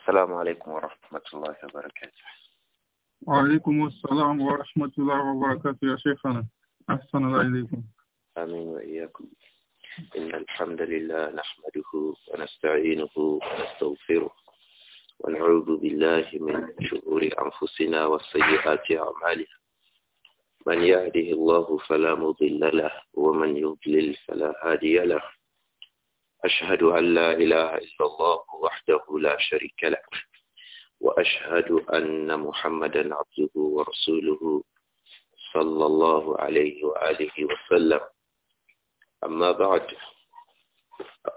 السلام عليكم ورحمة الله وبركاته وعليكم السلام ورحمة الله وبركاته يا شيخنا أحسن الله إليكم آمين وإياكم إن الحمد لله نحمده ونستعينه ونستغفره ونعوذ بالله من شرور أنفسنا وسيئات أعمالنا من يهده الله فلا مضل له ومن يضلل فلا هادي له أشهد أن لا إله إلا الله وحده لا شريك له وأشهد أن محمدا عبده ورسوله صلى الله عليه وآله وسلم أما بعد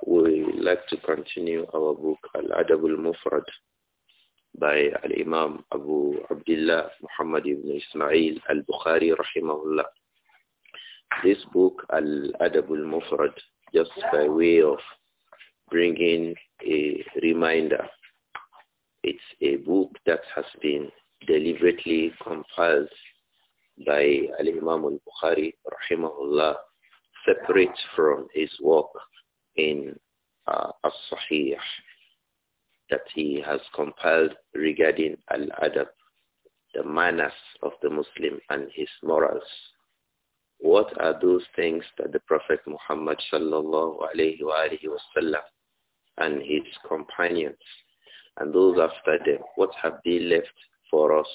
we like to continue our book Al-Adab al-Mufrad by Al-Imam Abu Abdullah Muhammad ibn Ismail Al-Bukhari rahimahullah. This book Al-Adab al-Mufrad just by way of bringing a reminder. It's a book that has been deliberately compiled by Al-Imam al-Bukhari, rahimahullah, separate from his work in uh, As-Sahih that he has compiled regarding Al-Adab, the manners of the Muslim and his morals. What are those things that the Prophet Muhammad sallallahu alayhi wa and his companions and those after them, what have they left for us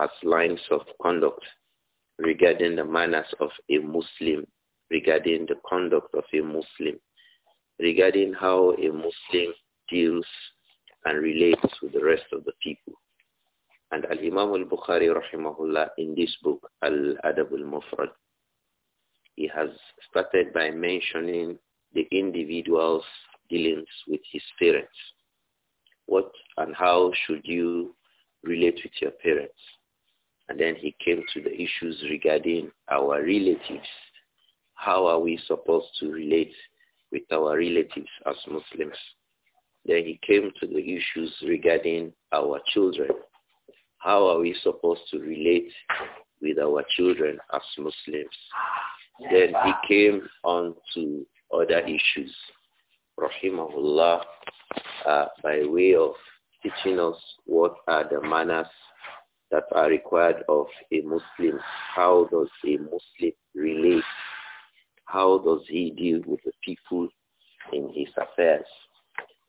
as lines of conduct regarding the manners of a Muslim, regarding the conduct of a Muslim, regarding how a Muslim deals and relates with the rest of the people. And Al-Imam al-Bukhari rahimahullah in this book, Al-Adab al-Mufrad, he has started by mentioning the individuals dealings with his parents. What and how should you relate with your parents? And then he came to the issues regarding our relatives. How are we supposed to relate with our relatives as Muslims? Then he came to the issues regarding our children. How are we supposed to relate with our children as Muslims? Then he came on to other issues rahimahullah, uh, by way of teaching us what are the manners that are required of a Muslim. How does a Muslim relate? How does he deal with the people in his affairs?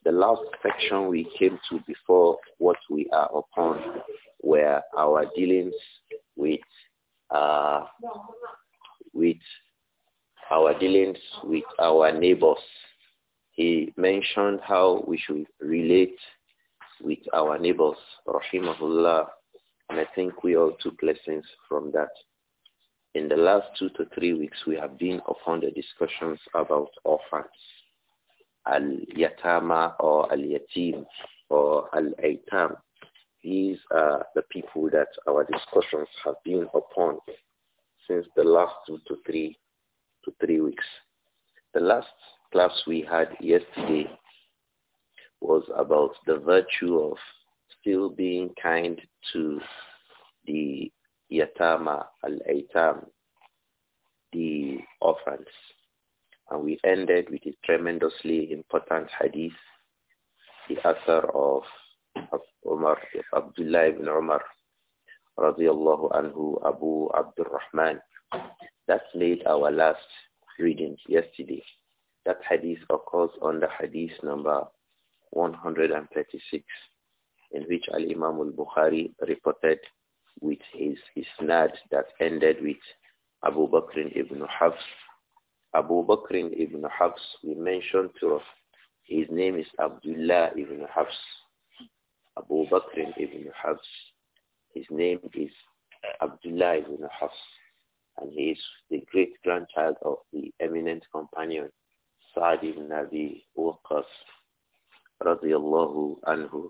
The last section we came to before what we are upon were our dealings with uh, with our dealings with our neighbors he mentioned how we should relate with our neighbors, rahimahullah, and I think we all took lessons from that. In the last two to three weeks, we have been upon the discussions about orphans, al-yatama or al-yatim or al-aitam. These are the people that our discussions have been upon since the last two to three to three weeks. The last class we had yesterday was about the virtue of still being kind to the yatama al-aitam, the orphans. And we ended with a tremendously important hadith, the author of Umar, Abdullah ibn Umar, radiallahu anhu, Abu Abdurrahman. That made our last reading yesterday. That hadith occurs on the hadith number 136 in which Al-Imam al-Bukhari reported with his isnad that ended with Abu Bakr ibn Hafs. Abu Bakr ibn Hafs, we mentioned to his name is Abdullah ibn Hafs. Abu Bakr ibn Hafs. His name is Abdullah ibn Hafs and he is the great grandchild of the eminent companion Sa'd ibn Abi Waqas radiallahu anhu,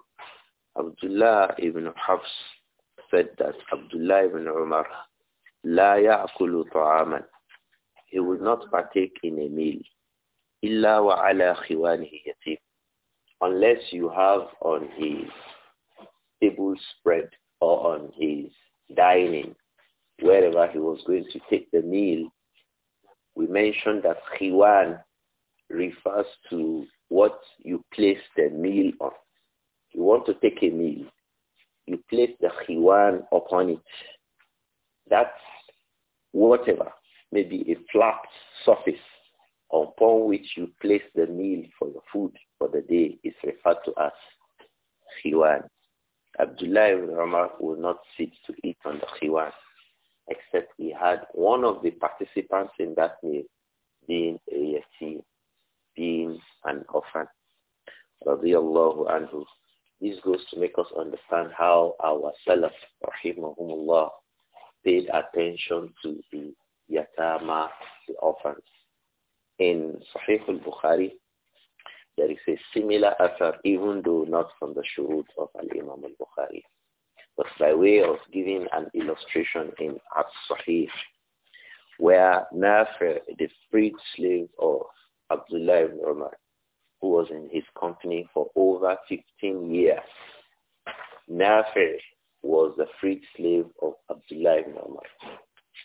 Abdullah ibn Hafs said that Abdullah ibn Umar, لا يأكل طعاما He will not partake in a meal. إلا وعلى خوانه يتيم Unless you have on his table spread or on his dining, wherever he was going to take the meal, we mentioned that khiwan refers to what you place the meal on. You want to take a meal. You place the khiwan upon it. That's whatever, maybe a flat surface upon which you place the meal for your food for the day is referred to as khiwan. Abdullah ibn Umar would not sit to eat on the khiwan, except he had one of the participants in that meal being a yatim being an orphan. Radiallahu anhu. This goes to make us understand how our Salaf, rahimahumullah, paid attention to the yatama, the orphans. In Sahih al-Bukhari, there is a similar effort, even though not from the shurut of Al-Imam al-Bukhari. But by way of giving an illustration in As-Sahih, where Nafir, the freed slave of Abdullah ibn Umar, who was in his company for over 15 years. Nafir was the freed slave of Abdullah ibn Umar.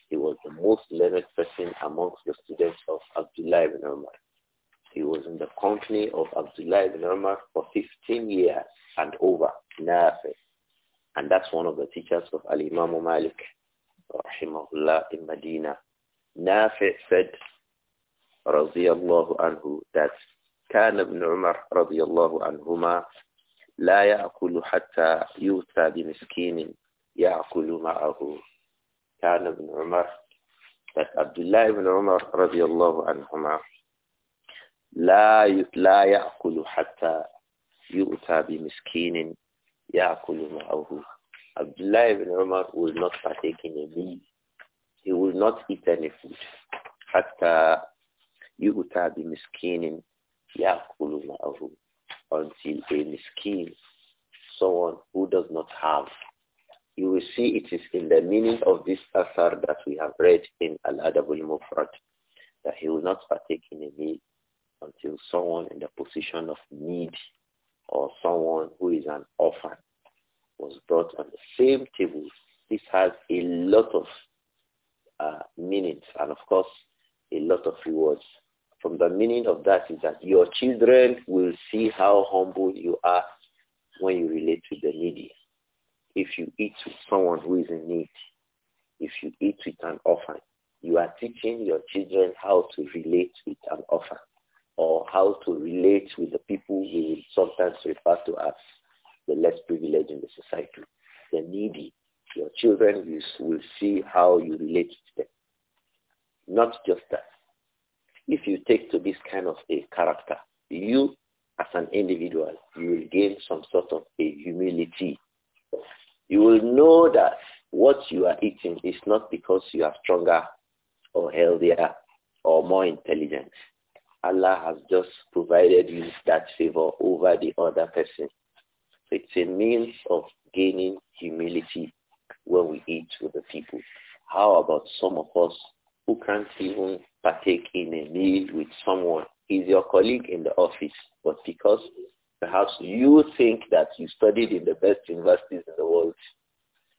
He was the most learned person amongst the students of Abdullah ibn Umar. He was in the company of Abdullah ibn Umar for 15 years and over, Nafir. And that's one of the teachers of Al-Imam Malik, rahimahullah, in Medina. Nafi said, radiallahu anhu that كان ابن عمر رضي الله عنهما لا يأكل حتى يؤتى بمسكين يأكل معه كان ابن عمر that Abdullah ibn Umar رضي الله عنهما لا لا يأكل حتى يؤتى بمسكين يأكل معه Abdullah ibn Umar will not partake in a meal. He will not eat any food. حتى يؤتى بمسكين يأكل معه until a miskin, someone who does not have. You will see it is in the meaning of this asar that we have read in al Adabul mufrad that he will not partake in a meal until someone in the position of need or someone who is an orphan was brought on the same table. This has a lot of uh, meanings and of course a lot of rewards. From the meaning of that is that your children will see how humble you are when you relate to the needy. If you eat with someone who is in need, if you eat with an orphan, you are teaching your children how to relate with an orphan or how to relate with the people we sometimes refer to as the less privileged in the society, the needy. Your children will see how you relate to them. Not just that. If you take to this kind of a character, you as an individual, you will gain some sort of a humility. You will know that what you are eating is not because you are stronger or healthier or more intelligent. Allah has just provided you that favor over the other person. It's a means of gaining humility when we eat with the people. How about some of us who can't even partake in a meal with someone. Is your colleague in the office, but because perhaps you think that you studied in the best universities in the world,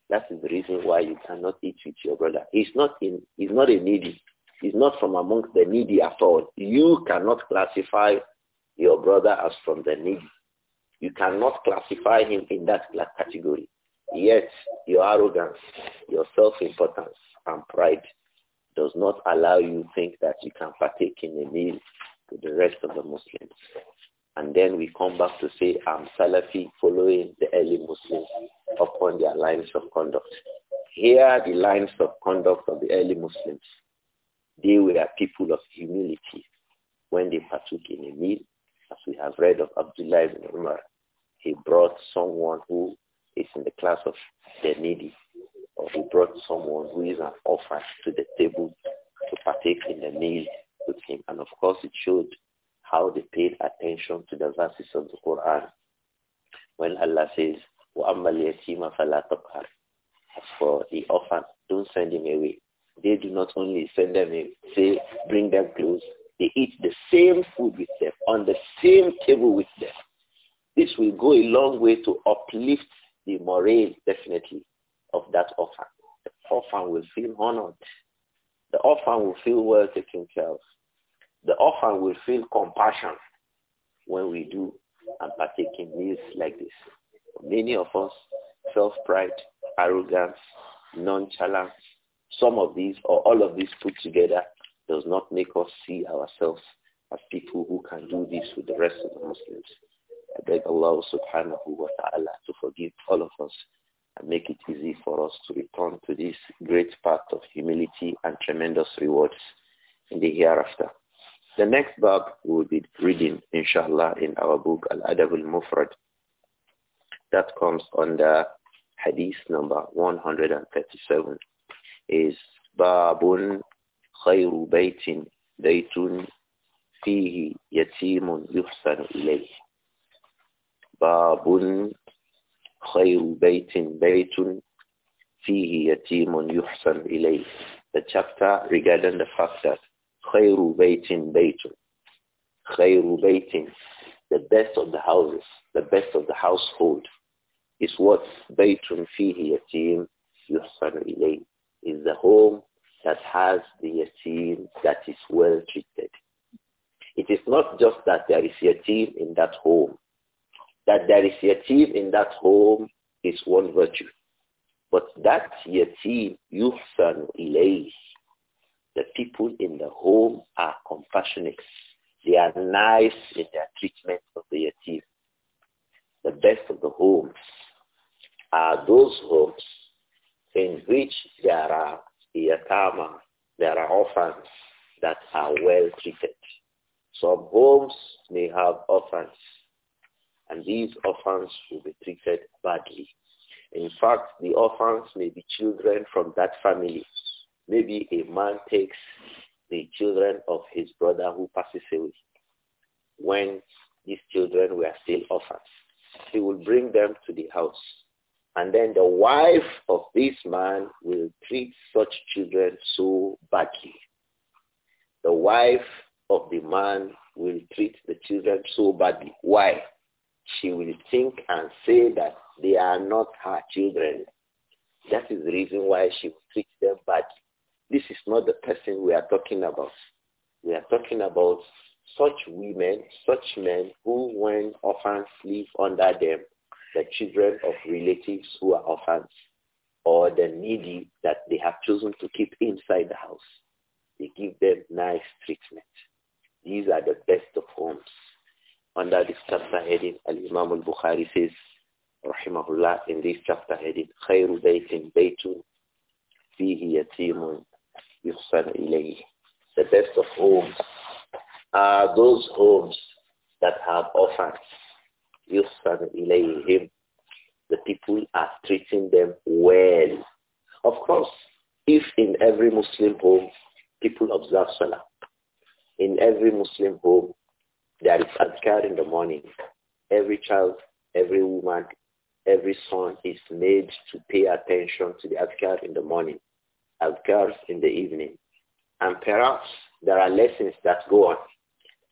that is the reason why you cannot eat with your brother. He's not in, he's not a needy. He's not from amongst the needy at all. You cannot classify your brother as from the needy. You cannot classify him in that category. Yet, your arrogance, your self-importance, and pride does not allow you think that you can partake in a meal to the rest of the Muslims. And then we come back to say, I'm um, Salafi following the early Muslims upon their lines of conduct. Here are the lines of conduct of the early Muslims. They were people of humility when they partook in a meal. As we have read of Abdullah ibn Umar, he brought someone who is in the class of the needy or who brought someone who is an orphan to the table to partake in the meal with him. And of course, it showed how they paid attention to the verses of the Quran. When Allah says, As for the orphan, don't send him away. They do not only send them away, say, bring them clothes. They eat the same food with them, on the same table with them. This will go a long way to uplift the morale, definitely, of that orphan. The orphan will feel honored. The orphan will feel well taken care of. The orphan will feel compassion when we do and partake in meals like this. Many of us, self-pride, arrogance, nonchalance, some of these or all of these put together does not make us see ourselves as people who can do this with the rest of the Muslims. I beg Allah subhanahu wa ta'ala to forgive all of us and make it easy for us to return to this great path of humility and tremendous rewards in the hereafter. The next bab we'll be reading, inshallah, in our book Al-Adab al-Mufrad. That comes under hadith number 137 is Babun Khayru Baytin Baytun Fihi Yatimun Yuhsan Ilayh. Babun خَيْرُ بَيْتٍ بَيْتٌ فِيهِ يَتِيمٌ يُحْسَنْ إِلَيْهِ The chapter regarding the fact that خَيْرُ بَيْتٍ بَيْتٌ خَيْرُ بَيْتٍ The best of the houses, the best of the household is what بَيْتٌ فِيهِ يَتِيمٌ يُحْسَنْ إِلَيْهِ is the home that has the yatim that is well treated. It is not just that there is yatim in that home. That there is yatim in that home is one virtue. But that yatim yuhsan ilayh. The people in the home are compassionate. They are nice in their treatment of the yatim. The best of the homes are those homes in which there are yatama, there are orphans that are well treated. Some homes may have orphans and these orphans will be treated badly. In fact, the orphans may be children from that family. Maybe a man takes the children of his brother who passes away when these children were still orphans. He will bring them to the house. And then the wife of this man will treat such children so badly. The wife of the man will treat the children so badly. Why? she will think and say that they are not her children. That is the reason why she treats them But This is not the person we are talking about. We are talking about such women, such men who, when orphans live under them, the children of relatives who are orphans or the needy that they have chosen to keep inside the house. They give them nice treatment. These are the best of homes. Under this chapter heading, Al-Imam al-Bukhari says, rahimahullah, in this chapter heading, خَيْرُ بَيْتٍ بَيْتٌ فِيهِ يَتِيمٌ يُحْسَنُ إِلَيْهِ The best of homes are those homes that have orphans. يُحْسَنُ إِلَيْهِمْ The people are treating them well. Of course, if in every Muslim home people observe Salah, in every Muslim home there is adhkar in the morning. Every child, every woman, every son is made to pay attention to the adhkar in the morning, adhkar in the evening. And perhaps there are lessons that go on.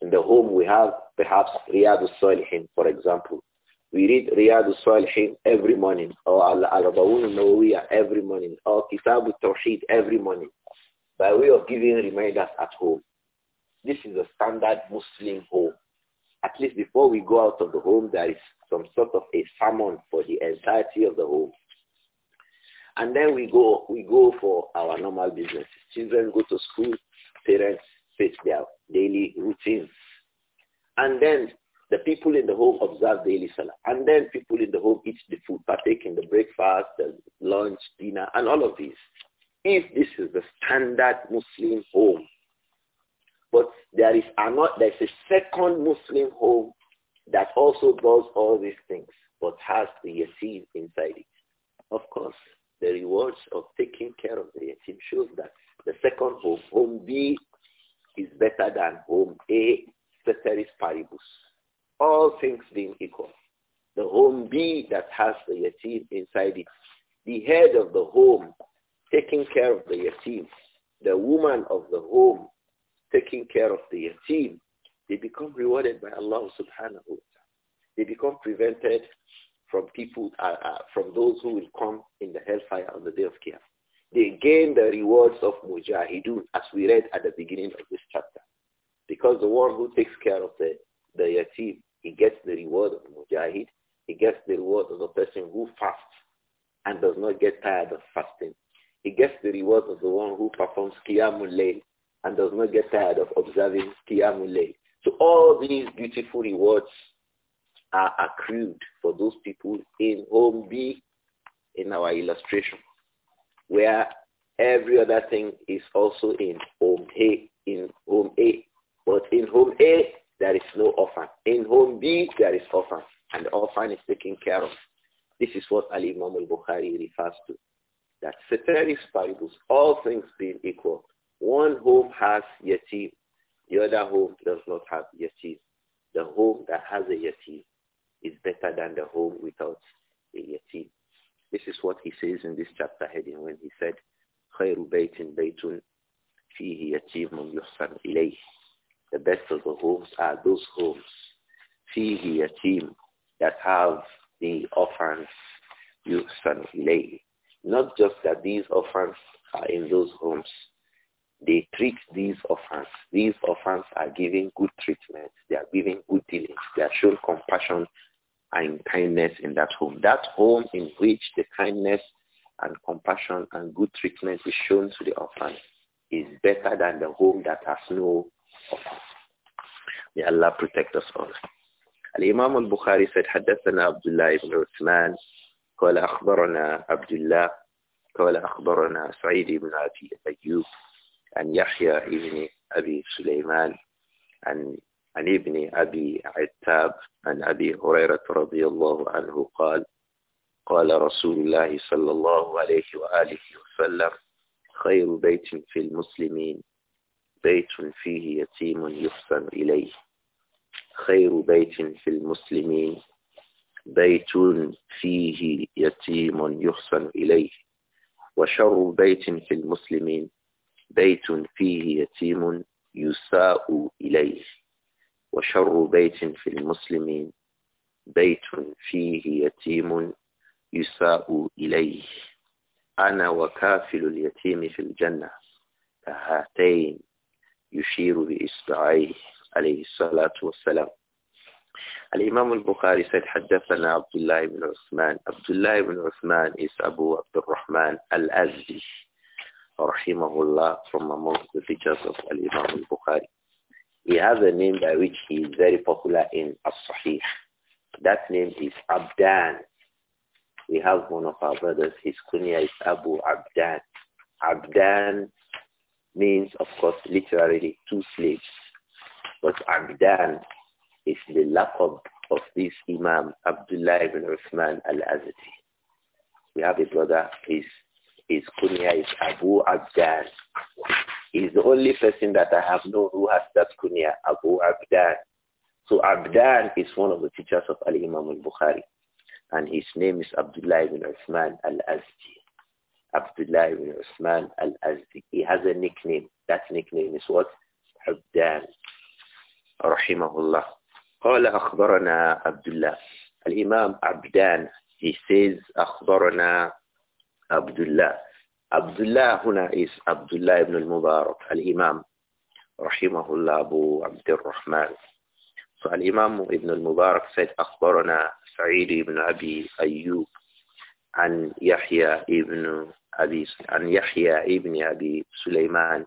In the home we have perhaps Riyadh al-Salihin, for example. We read Riyadh al-Salihin every morning, or Al-Arba'un al every morning, or Kitab al-Tawheed every morning, by way of giving reminders at home. This is a standard Muslim home. At least before we go out of the home, there is some sort of a sermon for the entirety of the home. And then we go, we go for our normal business. Children go to school, parents face their daily routines. And then the people in the home observe daily salah. And then people in the home eat the food, partake in the breakfast, the lunch, dinner, and all of these. If this is the standard Muslim home, but there is another, there is a second Muslim home that also does all these things, but has the yatim inside it. Of course, the rewards of taking care of the yatim shows that the second home, home B, is better than home A, ceteris paribus. All things being equal. The home B that has the yatim inside it, the head of the home taking care of the yatim, the woman of the home taking care of the yatim, they become rewarded by Allah subhanahu wa ta'ala. They become prevented from people, uh, uh, from those who will come in the hellfire on the day of Qiyamah. They gain the rewards of mujahidun, as we read at the beginning of this chapter. Because the one who takes care of the, the yatim, he gets the reward of mujahid, he gets the reward of the person who fasts and does not get tired of fasting. He gets the reward of the one who performs qiyamul layl, and does not get tired of observing Qiyamul So all these beautiful rewards are accrued for those people in home B in our illustration, where every other thing is also in home A, in home A. But in home A, there is no orphan. In home B, there is orphan, and the orphan is taken care of. This is what Ali Imam al-Bukhari refers to, that ceteris paribus, all things being equal, one home has yatim. The other home does not have yatim. The home that has a yatim is better than the home without a yatim. This is what he says in this chapter heading when he said, خَيْرُ بَيْتٍ بَيْتٌ فِيهِ يَتِيمٌ يُحْسَنْ إِلَيْهِ The best of the homes are those homes, فِيهِ يَتِيمٌ, that have the orphans يُحْسَنْ إِلَيْهِ. Not just that these orphans are in those homes, they treat these orphans. These orphans are given good treatment. They are given good dealings. They are shown compassion and kindness in that home. That home in which the kindness and compassion and good treatment is shown to the orphan is better than the home that has no orphans. May Allah protect us all. الإمام البخاري said حدثنا عبد الله بن عثمان قال أخبرنا عبد الله قال أخبرنا سعيد بن أبي أيوب عن يحيى ابن أبي سليمان عن عن ابن أبي عتاب عن أبي هريرة رضي الله عنه قال قال رسول الله صلى الله عليه وآله وسلم خير بيت في المسلمين بيت فيه يتيم يحسن إليه خير بيت في المسلمين بيت فيه يتيم يحسن إليه وشر بيت في المسلمين بيت فيه يتيم يساء إليه وشر بيت في المسلمين بيت فيه يتيم يساء إليه أنا وكافل اليتيم في الجنة كهاتين يشير بإصبعيه عليه الصلاة والسلام الإمام البخاري سيد حدثنا عبد الله بن عثمان عبد الله بن عثمان إس أبو عبد الرحمن الأزدي rahimahullah, from amongst the teachers of Al-Imam al-Bukhari. He has a name by which he is very popular in As-Sahih. That name is Abdan. We have one of our brothers, his kunya is Abu Abdan. Abdan means, of course, literally two slaves. But Abdan is the laqab of this Imam, Abdullah ibn Uthman al-Azati. We have a brother, his his kunya is Abu Abdan. He's the only person that I have known who has that kunya, Abu Abdan. So Abdan is one of the teachers of Ali imam al-Bukhari. And his name is Abdullah ibn Uthman al-Azdi. Abdullah ibn Uthman al-Azdi. He has a nickname. That nickname is what? Abdan. Rahimahullah. الله. قال أخبرنا عبد الله. الإمام عبدان he says أخبرنا Abdullah. Abdullah huna is Abdullah ibn al-Mubarak, al-Imam, rahimahullah Abu Abdurrahman. So al-Imam ibn al-Mubarak said, أخبرنا سعيد ibn Abi Ayyub عن يحيى ibn أبي عن يحيى ابن أبي سليمان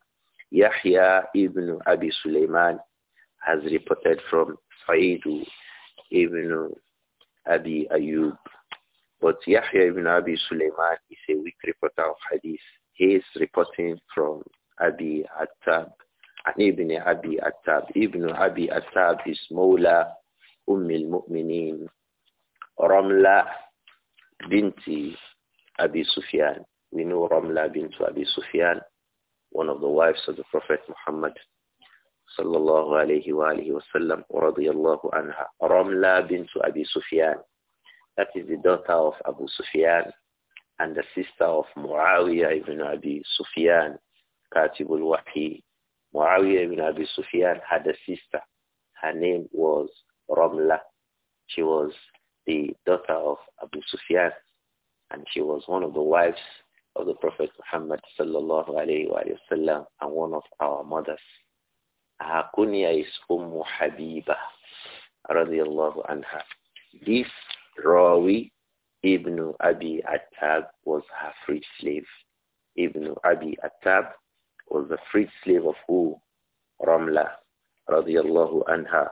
يحيى ابن أبي سليمان has reported from سعيد ibn Abi Ayyub But Yahya ibn Abi Sulaiman is a weak reporter of hadith. He is reporting from Abi Attab. And Ibn Abi Attab. Ibn Abi Attab is Mawla Umm al-Mu'mineen Ramla binti Abi Sufyan. We know Ramla binti Abi Sufyan, one of the wives of the Prophet Muhammad sallallahu alayhi wa alihi wa sallam, radiyallahu anha. Ramla binti Abi Sufyan. That is the daughter of Abu Sufyan and the sister of Muawiyah ibn Abi Sufyan, Katibul Wahi. Muawiyah ibn Abi Sufyan had a sister. Her name was Ramla. She was the daughter of Abu Sufyan and she was one of the wives of the Prophet Muhammad sallallahu alayhi wa sallam and one of our mothers. Her kunya is Ummu Habiba radiallahu anha. This Rawi Ibn Abi Attab was her freed slave. Ibn Abi Attab was the freed slave of who? Ramla radiallahu anha.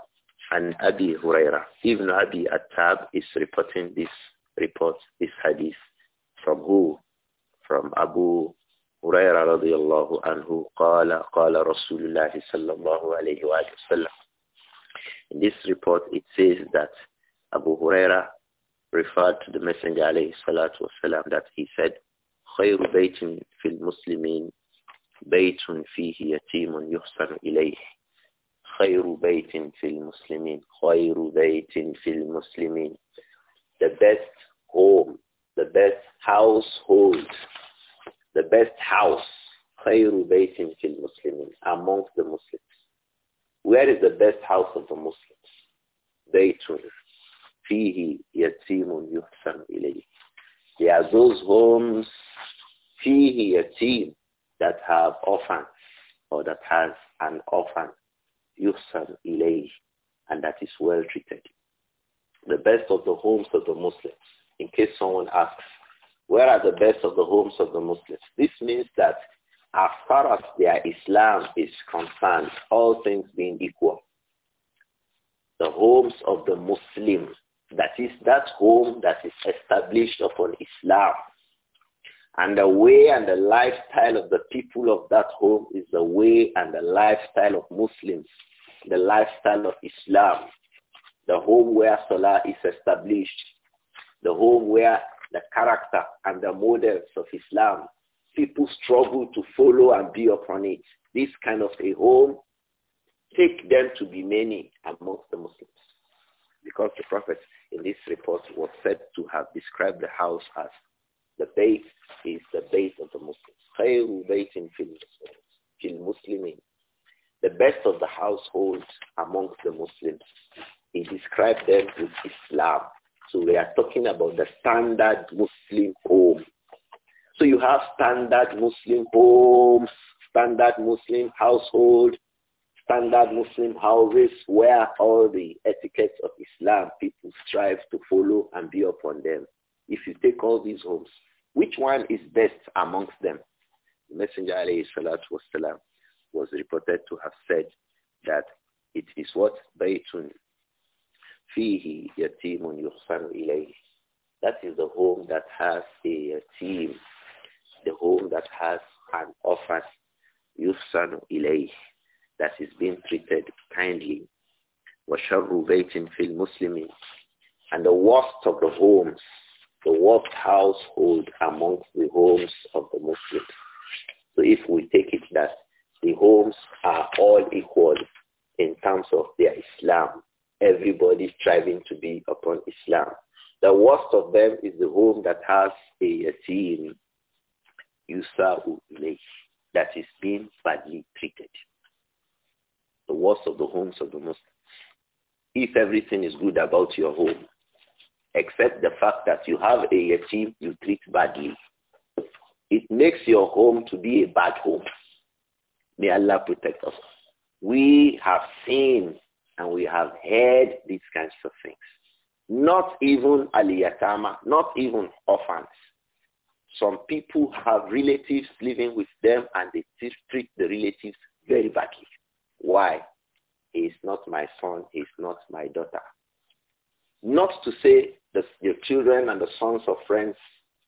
And Abi Huraira. Ibn Abi Attab is reporting this report, this hadith. From who? From Abu هريرة رضي anhu. قال قال رسول الله صلى الله عليه وسلم In this report it says that Abu Huraira referred to the Messenger alayhi salatu wasalam that he said, خير بيت في المسلمين بيت فيه يتيم يحسن إليه خير بيت في المسلمين خير بيت في المسلمين the best home the best household the best house خير بيت في المسلمين amongst the Muslims where is the best house of the Muslims بيت فيه يتيم يحسن إليه. There are those homes فيه يتيم that have orphans or that has an orphan يحسن إليه and that is well treated. The best of the homes of the Muslims. In case someone asks, where are the best of the homes of the Muslims? This means that as far as their Islam is concerned, all things being equal, the homes of the Muslims that is that home that is established upon Islam. And the way and the lifestyle of the people of that home is the way and the lifestyle of Muslims, the lifestyle of Islam, the home where Salah is established, the home where the character and the models of Islam, people struggle to follow and be upon it. This kind of a home, take them to be many amongst the Muslims. Because the Prophet this report was said to have described the house as the base is the base of the Muslims. خَيْرُ بَيْتٍ فِي الْمُسْلِمِينَ The best of the households amongst the Muslims. He described them with Islam. So we are talking about the standard Muslim home. So you have standard Muslim homes, standard Muslim household, standard Muslim houses where all the etiquettes of Islam people strive to follow and be upon them. If you take all these homes, which one is best amongst them? The Messenger of Allah was reported to have said that it is what? Baytun fihi yatimun yuhsanu That is the home that has a team, the home that has an orphan yuhsanu ilayhi that is being treated kindly. وَشَرُّ بَيْتٍ فِي الْمُسْلِمِينَ And the worst of the homes, the worst household amongst the homes of the Muslims. So if we take it that the homes are all equal in terms of their Islam, everybody striving to be upon Islam. The worst of them is the home that has a yatim, Yusa Ulay, that is being badly treated the worst of the homes of the Muslims. If everything is good about your home, except the fact that you have a yatim you treat badly, it makes your home to be a bad home. May Allah protect us. We have seen and we have heard these kinds of things. Not even aliyatama, not even orphans. Some people have relatives living with them and they treat the relatives very badly. Why? He is not my son. He is not my daughter. Not to say that your children and the sons of friends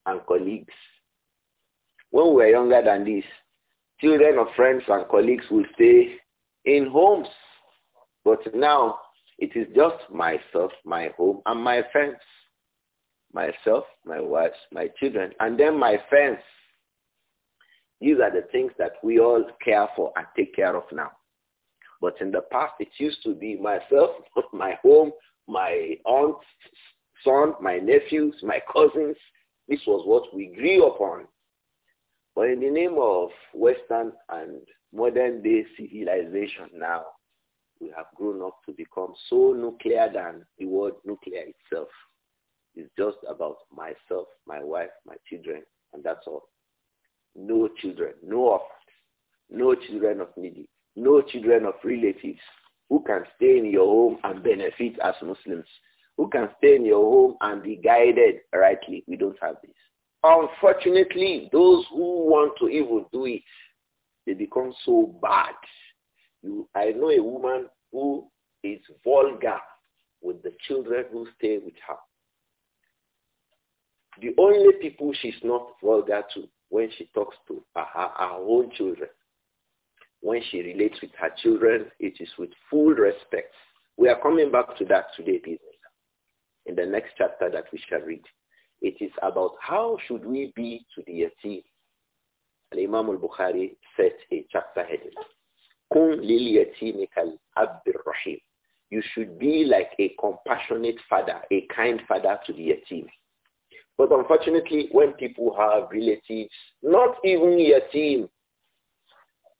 and colleagues. When we were younger than this, children of friends and colleagues will stay in homes. But now it is just myself, my home, and my friends. Myself, my wife, my children, and then my friends. These are the things that we all care for and take care of now. But in the past, it used to be myself, my home, my aunt's son, my nephews, my cousins. This was what we grew upon. But in the name of Western and modern day civilization now, we have grown up to become so nuclear than the word nuclear itself. It's just about myself, my wife, my children, and that's all. No children, no orphans, no children of needy, no children of relatives who can stay in your home and benefit as Muslims, who can stay in your home and be guided rightly. We don't have this. Unfortunately, those who want to even do it, they become so bad. You, I know a woman who is vulgar with the children who stay with her. The only people she's not vulgar to when she talks to are her, her own children when she relates with her children, it is with full respect. We are coming back to that today, in the next chapter that we shall read. It is about how should we be to the yatim. Al-Imam al-Bukhari set a chapter heading. Kun lil yatimikal rahim. You should be like a compassionate father, a kind father to the yatim. But unfortunately, when people have relatives, not even yatim,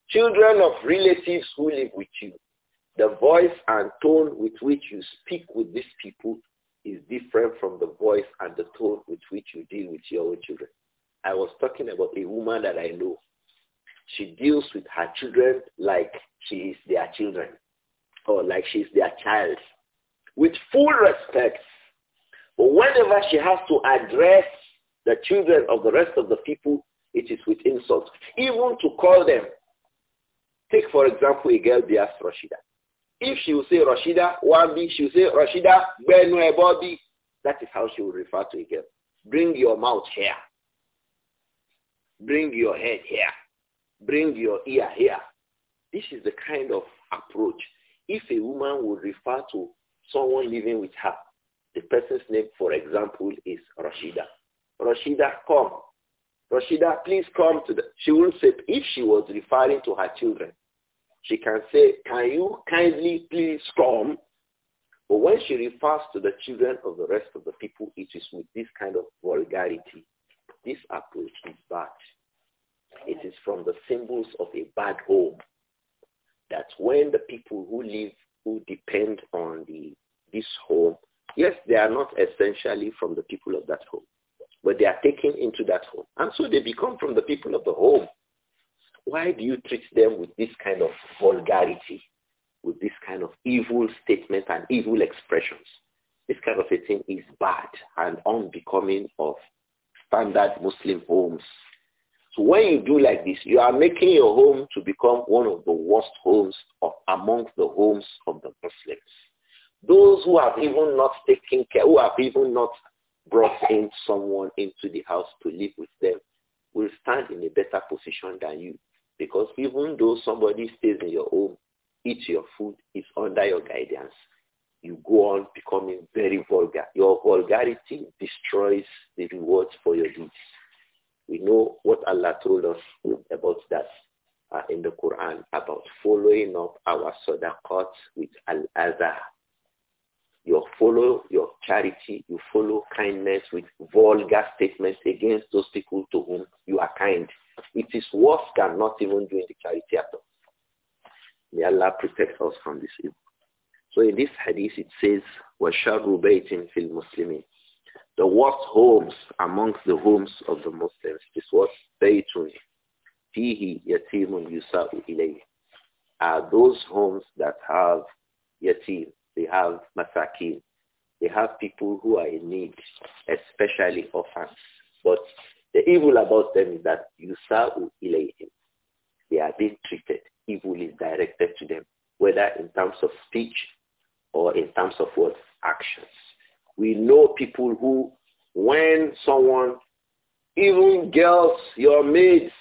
Children of relatives who live with you. The voice and tone with which you speak with these people is different from the voice and the tone with which you deal with your own children. I was talking about a woman that I know. She deals with her children like she is their children or like she is their child with full respect. But whenever she has to address the children of the rest of the people, it is with insult. Even to call them, Take, for example, a girl they ask Rashida. If she will say Rashida, one B, she will say Rashida, Benue body. That is how she will refer to a girl. Bring your mouth here. Bring your head here. Bring your ear here. This is the kind of approach. If a woman would refer to someone living with her, the person's name, for example, is Rashida. Rashida, come. Rashida, please come to the... She won't say, if she was referring to her children, she can say, can you kindly please come? But when she refers to the children of the rest of the people, it is with this kind of vulgarity. This approach is bad. It is from the symbols of a bad home that when the people who live, who depend on the, this home, yes, they are not essentially from the people of that home but they are taken into that home. And so they become from the people of the home. Why do you treat them with this kind of vulgarity, with this kind of evil statement and evil expressions? This kind of a thing is bad and unbecoming of standard Muslim homes. So when you do like this, you are making your home to become one of the worst homes of, amongst the homes of the Muslims. Those who have even not taken care, who have even not brought in someone into the house to live with them will stand in a better position than you. Because even though somebody stays in your home, eats your food, is under your guidance, you go on becoming very vulgar. Your vulgarity destroys the rewards for your deeds. We know what Allah told us about that uh, in the Quran about following up our sadaqat with al-azah, you follow your charity, you follow kindness with vulgar statements against those people to whom you are kind. It is worse than not even doing the charity at all. May Allah protect us from this evil. So in this hadith it says, وَشَرُّ بَيْتٍ فِي الْمُسْلِمِينَ The worst homes amongst the homes of the Muslims is what? بَيْتٌ فِيهِ يَتِيمٌ يُسَاءُ إِلَيْهِ Are those homes that have yatim, they have masakin. They have people who are in need, especially orphans. But the evil about them is that you yusa'u ilayhim. They are being treated. Evil is directed to them, whether in terms of speech or in terms of what? Actions. We know people who, when someone, even girls, your maids,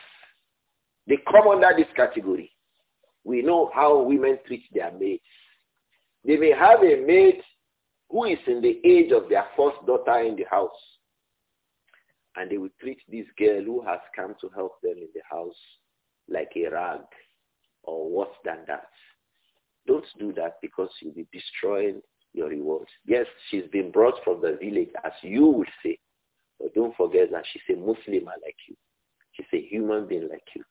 they come under this category. We know how women treat their maids. They may have a maid who is in the age of their first daughter in the house. And they will treat this girl who has come to help them in the house like a rag or worse than that. Don't do that because you'll be destroying your reward. Yes, she's been brought from the village as you would say. But don't forget that she's a Muslim like you. She's a human being like you.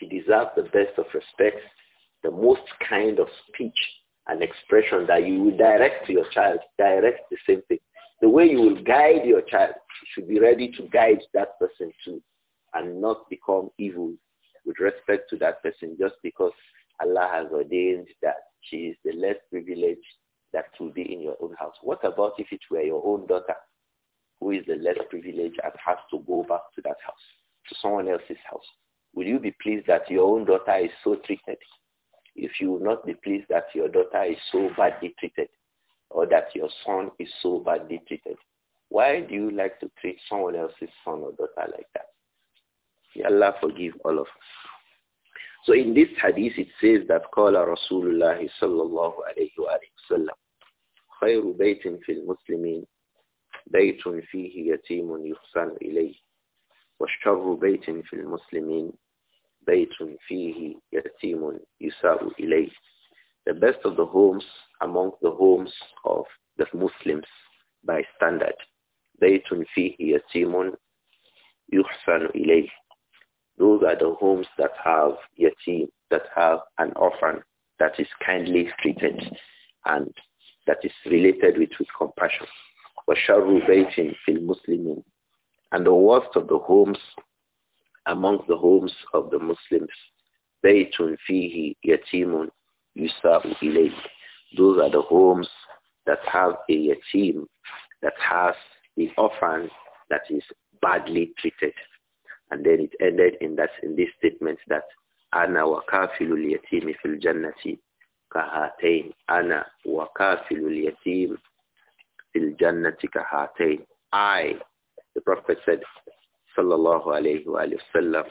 She deserves the best of respect, the most kind of speech an expression that you will direct to your child, direct the same thing. The way you will guide your child, you should be ready to guide that person too and not become evil with respect to that person just because Allah has ordained that she is the less privileged that will be in your own house. What about if it were your own daughter who is the less privileged and has to go back to that house, to someone else's house? Will you be pleased that your own daughter is so treated? if you will not be pleased that your daughter is so badly treated or that your son is so badly treated, why do you like to treat someone else's son or daughter like that? May Allah forgive all of us. So in this hadith, it says that Qala Rasulullah sallallahu alayhi wa sallam خير بيت في المسلمين بيت فيه يتيم يحسن إليه وشر بيت في المسلمين baytun fihi yatimun yusabu ilayh. The best of the homes among the homes of the Muslims by standard. Baytun fihi yatimun yuhsanu ilayh. Those are the homes that have yatim, that have an orphan that is kindly treated and that is related with, with compassion. وَشَرُّ بَيْتٍ فِي الْمُسْلِمِينَ And the worst of the homes among the homes of the Muslims. Baytun fihi yatimun yusabu ilayh. Those are the homes that have a yatim, that has the orphan that is badly treated. And then it ended in that in this statement that ana wa kafilul yatim fil jannati kahatain. Ana wa kafilul yatim fil jannati kahatain. I, the Prophet said, صلى الله عليه وآله وسلم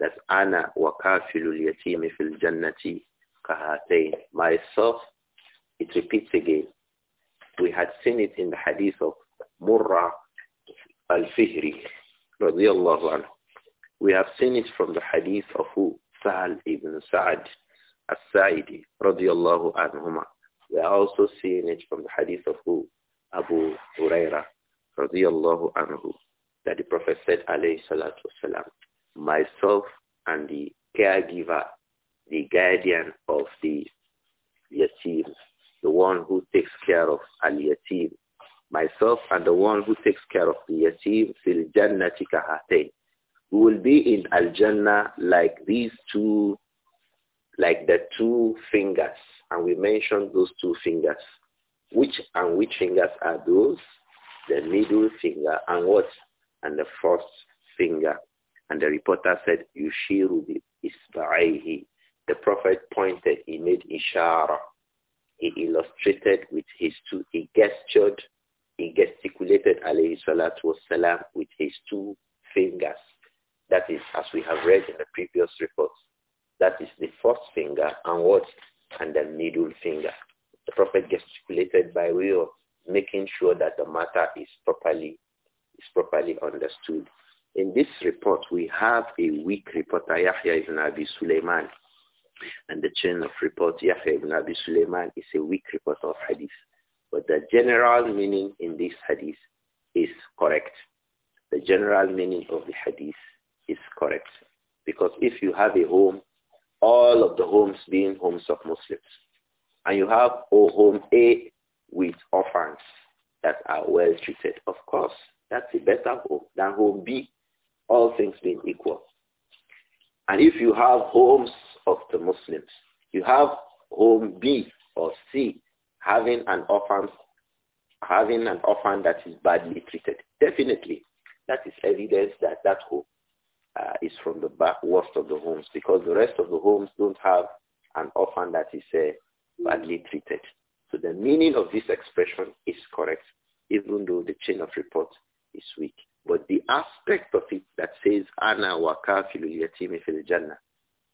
that أنا وكافل اليتيم في الجنة كهاتين myself it repeats again we had seen it in the hadith of مرة الفهري رضي الله عنه we have seen it from the hadith of who سهل ابن سعد السعيدي رضي الله عنهما we are also seeing it from the hadith of who أبو هريرة رضي الله عنه that the Prophet said, alayhi salatu wasalam, myself and the caregiver, the guardian of the yatim, the one who takes care of al-yatim, myself and the one who takes care of the yatim, fil jannati We will be in al-jannah like these two, like the two fingers. And we mentioned those two fingers. Which and which fingers are those? The middle finger and what? and the first finger. And the reporter said, Yushiru bi The Prophet pointed, he made ishara. He illustrated with his two, he gestured, he gesticulated, alayhi salatu wasalam, with his two fingers. That is, as we have read in the previous reports, that is the first finger and what? And the middle finger. The Prophet gesticulated by way of making sure that the matter is properly is properly understood. In this report, we have a weak reporter, Yahya ibn Abi Sulaiman. And the chain of report, Yahya ibn Abi Sulaiman, is a weak report of hadith. But the general meaning in this hadith is correct. The general meaning of the hadith is correct. Because if you have a home, all of the homes being homes of Muslims, and you have a home A with orphans that are well treated, of course, that's a better home than home B, all things being equal. And if you have homes of the Muslims, you have home B or C, having an orphan, having an orphan that is badly treated. Definitely, that is evidence that that home uh, is from the back, worst of the homes because the rest of the homes don't have an orphan that is uh, badly treated. So the meaning of this expression is correct, even though the chain of reports this week, But the aspect of it that says, Ana wa kafilu yatimi fil jannah,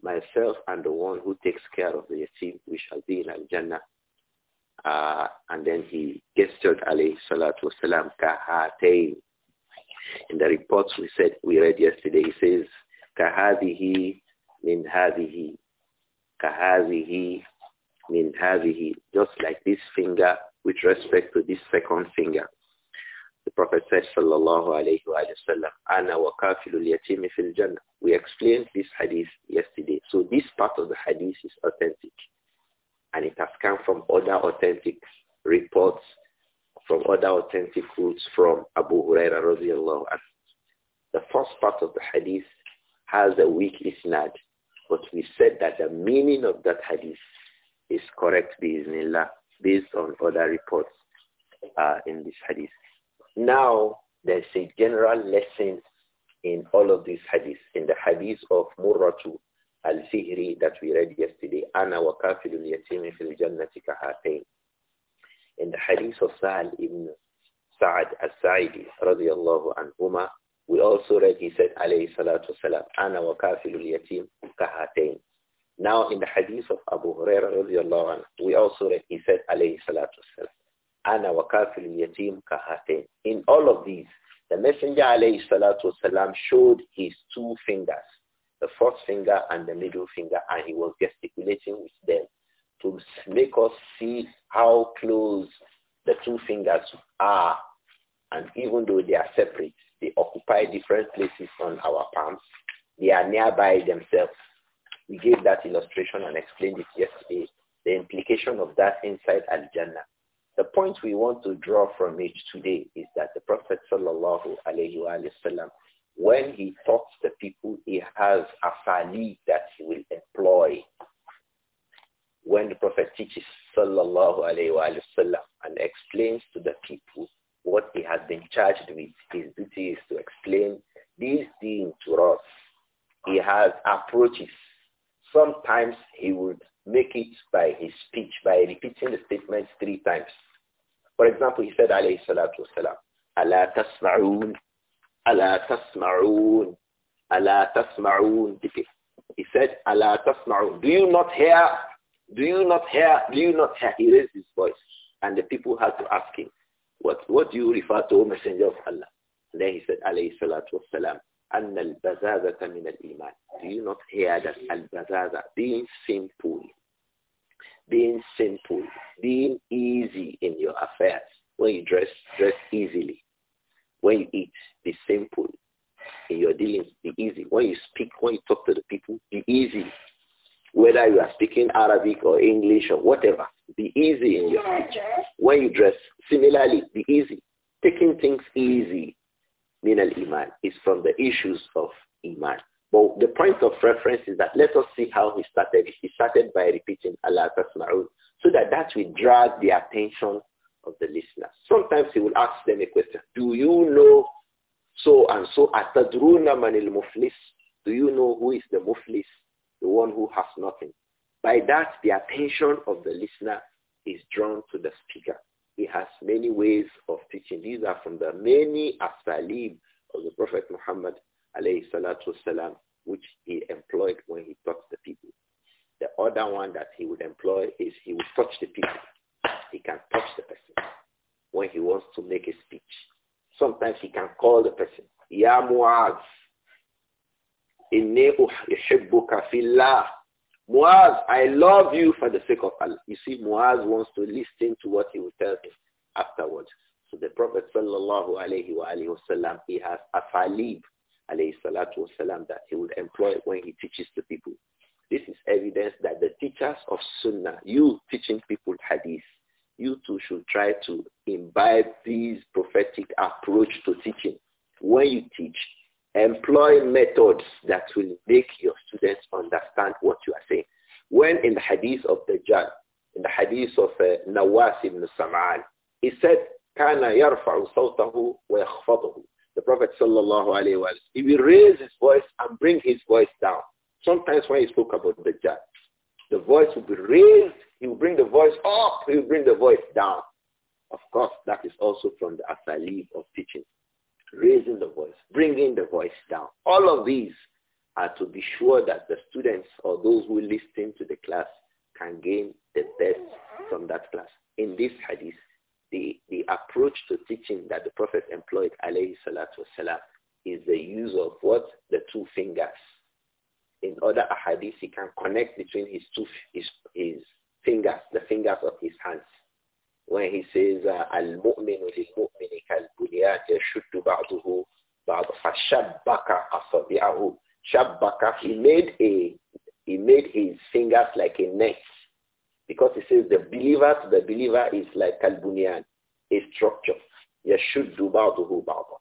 myself and the one who takes care of the yatim, we shall be in al-jannah. Uh, and then he gestured, alayhi salatu wasalam, kahatain. In the reports we said, we read yesterday, he says, kahadihi min hadihi, kahadihi min hadihi, just like this finger with respect to this second finger. The Prophet says, sallallahu ana wa kafilul yatimi fil jannah. We explained this hadith yesterday. So this part of the hadith is authentic. And it has come from other authentic reports, from other authentic routes from Abu Huraira radiallahu anhu. The first part of the hadith has a weak isnad, but we said that the meaning of that hadith is correct, based on other reports uh, in this hadith. Now, there's a general lesson in all of these hadiths. In the hadith of Murratu al zihri that we read yesterday, Ana wa kafilun yatimin fil jannati kahatain. In the hadith of Sa'al ibn Sa'ad al-Sa'idi radiyallahu anhuma, we also read, he said, alayhi salatu salam, Ana wa kafilun yatim kahatain. Now in the hadith of Abu Hurairah radiyallahu anhu, we also read, he said, alayhi salatu salam ana wa yatim In all of these, the Messenger alayhi salatu wasalam showed his two fingers, the fourth finger and the middle finger, and he was gesticulating with them to make us see how close the two fingers are. And even though they are separate, they occupy different places on our palms. They are nearby themselves. We gave that illustration and explained it yesterday. The implication of that inside Al-Jannah the point we want to draw from it today is that the Prophet sallallahu when he talks the people, he has a fali that he will employ. When the Prophet teaches sallallahu Alaihi Wasallam and explains to the people what he has been charged with, his duty is to explain these things to us. He has approaches. Sometimes he would make it by his speech, by repeating the statements three times. For example, he said, alayhi salatu wasalam, ala tasma'oon, ala tasma'oon, ala tasma'oon. He said, ala tasma'oon. Do you not hear? Do you not hear? Do you not hear? He raised his voice. And the people had to ask him, what, what do you refer to, O Messenger of Allah? And then he said, alayhi salatu wasalam, أن البزازة من الإيمان. Do you not hear that al-bazaza, being simple, being simple, being easy in your affairs. When you dress, dress easily. When you eat, be simple. In your dealings, be easy. When you speak, when you talk to the people, be easy. Whether you are speaking Arabic or English or whatever, be easy in your when you dress. Similarly, be easy. Taking things easy min al-iman is from the issues of iman. But the point of reference is that let us see how he started. He started by repeating Allah Tasma'un so that that will draw the attention of the listeners. Sometimes he will ask them a question. Do you know so and so atadruna manil muflis? Do you know who is the muflis? The one who has nothing. By that, the attention of the listener is drawn to the speaker. He has many ways of teaching. These are from the many asalib of the Prophet Muhammad alayhi which he employed when he taught the people. The other one that he would employ is he would touch the people. He can touch the person when he wants to make a speech. Sometimes he can call the person, Ya Mu'az, inni uhibbuka fillah. Muaz, I love you for the sake of Allah. You see, Muaz wants to listen to what he will tell him afterwards. So the Prophet sallallahu alayhi wa alayhi wasallam, he has a alayhi salatu wasallam that he would employ when he teaches the people. This is evidence that the teachers of Sunnah, you teaching people hadith, you too should try to imbibe this prophetic approach to teaching. When you teach, Employ methods that will make your students understand what you are saying. When in the hadith of the Dajjal, in the hadith of uh, Nawas ibn Sam'an, he said, كان يرفع صوته ويخفضه. The Prophet sallallahu alayhi wa he will raise his voice and bring his voice down. Sometimes when he spoke about the Dajjal, the voice will be raised, he will bring the voice up, he will bring the voice down. Of course, that is also from the asalib of teaching raising the voice, bringing the voice down. All of these are to be sure that the students or those who listen to the class can gain the best from that class. In this hadith, the, the approach to teaching that the Prophet employed, alayhi salatu wasalam, is the use of what? The two fingers. In other hadiths, he can connect between his two his, his fingers, the fingers of his hands when he says uh, al-mu'min lil-mu'min kal-bunyan yashuddu ba'duhu ba'd fashabbaka asabi'ahu shabbaka he made a he made his fingers like a net because he says the believer to the believer is like building, a structure. Yashuddu ba'duhu ba'da.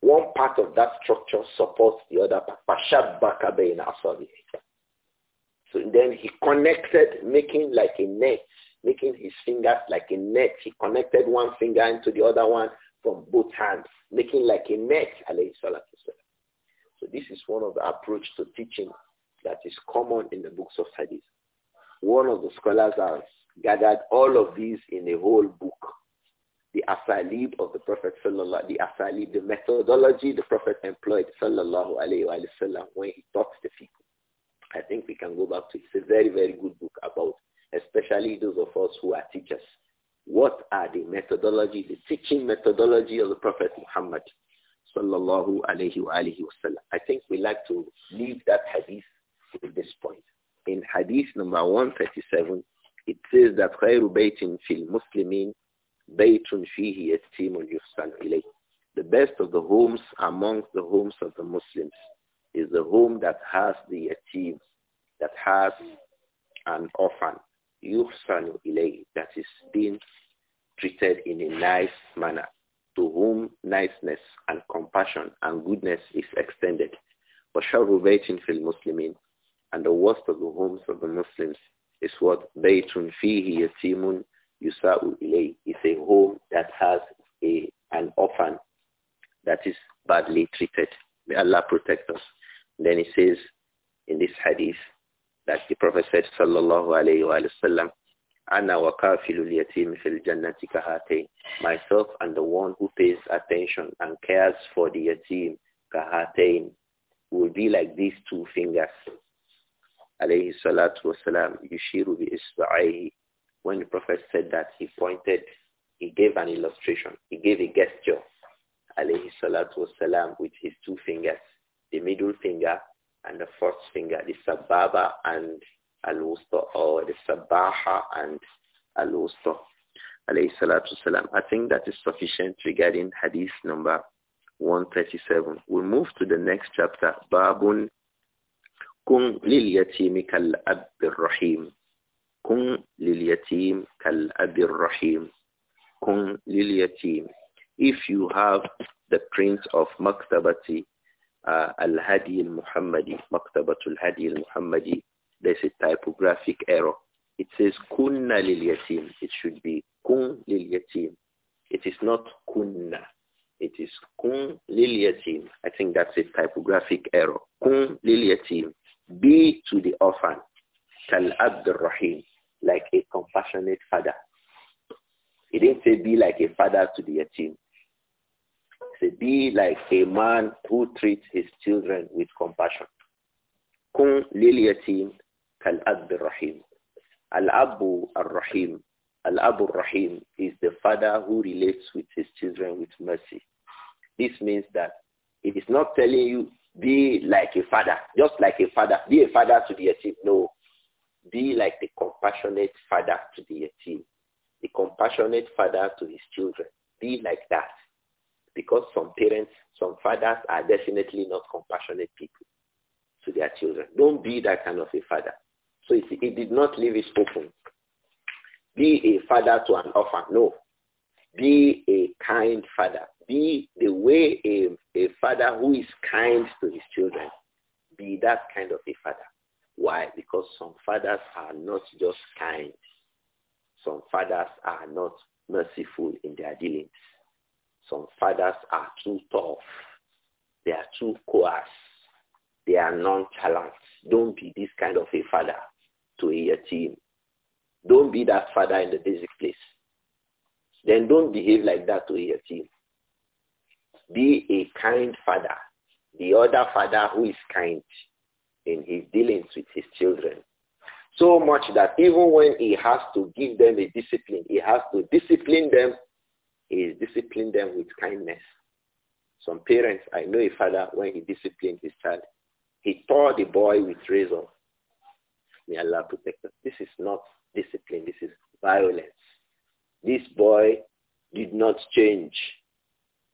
One part of that structure supports the other part. Fashabbaka bayna So then he connected, making like a net making his fingers like a net. He connected one finger into the other one from both hands, making like a net, So this is one of the approach to teaching that is common in the books of hadith. One of the scholars has gathered all of these in a whole book. The asalib of the Prophet sallallahu the asalib, the methodology the Prophet employed sallallahu alayhi wa when he taught the people. I think we can go back to it. It's a very, very good book about especially those of us who are teachers. What are the methodology, the teaching methodology of the Prophet Muhammad sallallahu alayhi wa alayhi wasallam? I think we like to leave that hadith at this point. In hadith number 137, it says that خير بيت في المسلمين بيت فيه يتيم يحسن إليه. The best of the homes amongst the homes of the Muslims is the home that has the yatim, that has an orphan, yuhsanu ilayhi, that is being treated in a nice manner, to whom niceness and compassion and goodness is extended. وَشَرُّ بَيْتٍ the Muslims And the worst of the homes of the Muslims is what بَيْتٌ فِيهِ يَتِيمٌ يُسَاءُ إِلَيْهِ is a home that has a, an orphan that is badly treated. May Allah protect us. Then he says in this hadith, that the Prophet said, sallallahu alayhi wa sallam, Anna wa kafilul yatim fil jannati kahate. Myself and the one who pays attention and cares for the yatim, kahatain, will be like these two fingers. Alayhi salatu wasalam, yushiru bi isba'ayhi. When the Prophet said that, he pointed, he gave an illustration, he gave a gesture, alayhi salatu wasalam, with his two fingers, the middle finger and the first finger, the sababa and al-wusta, or the sabaha and al-wusta. Alayhi salatu salam. I think that is sufficient regarding hadith number 137. We'll move to the next chapter. Babun kun lil yatimi kal abir rahim. Kun lil yatim kal abir rahim. Kun lil yatim. If you have the Prince of Maktabati uh, Al-Hadi al-Muhammadi, Maktabat al-Hadi al-Muhammadi, there's a typographic error. It says kunna lil yatim. It should be kun lil yatim. It is not kunna. It is kun lil yatim. I think that's a typographic error. Kun lil yatim. Be to the orphan. Kal abdur rahim. Like a compassionate father. He didn't say be like a father to the yatim be like a man who treats his children with compassion. Kun lil yatim kal abd rahim. Al abu al rahim. Al abu rahim is the father who relates with his children with mercy. This means that it is not telling you be like a father, just like a father. Be a father to the yatim. No. Be like the compassionate father to the yatim. The compassionate father to his children. Be like that because some parents, some fathers are definitely not compassionate people to their children. Don't be that kind of a father. So it, did not leave it open. Be a father to an orphan. No. Be a kind father. Be the way a, a father who is kind to his children. Be that kind of a father. Why? Because some fathers are not just kind. Some fathers are not merciful in their dealings some fathers are too tough. They are too coarse. They are nonchalant. Don't be this kind of a father to your team. Don't be that father in the basic place. Then don't behave like that to your team. Be a kind father. The other father who is kind in his dealings with his children. So much that even when he has to give them a discipline, he has to discipline them is discipline them with kindness. Some parents, I know a father, when he disciplined his child, he tore the boy with razor. May Allah protect us. This is not discipline. This is violence. This boy did not change.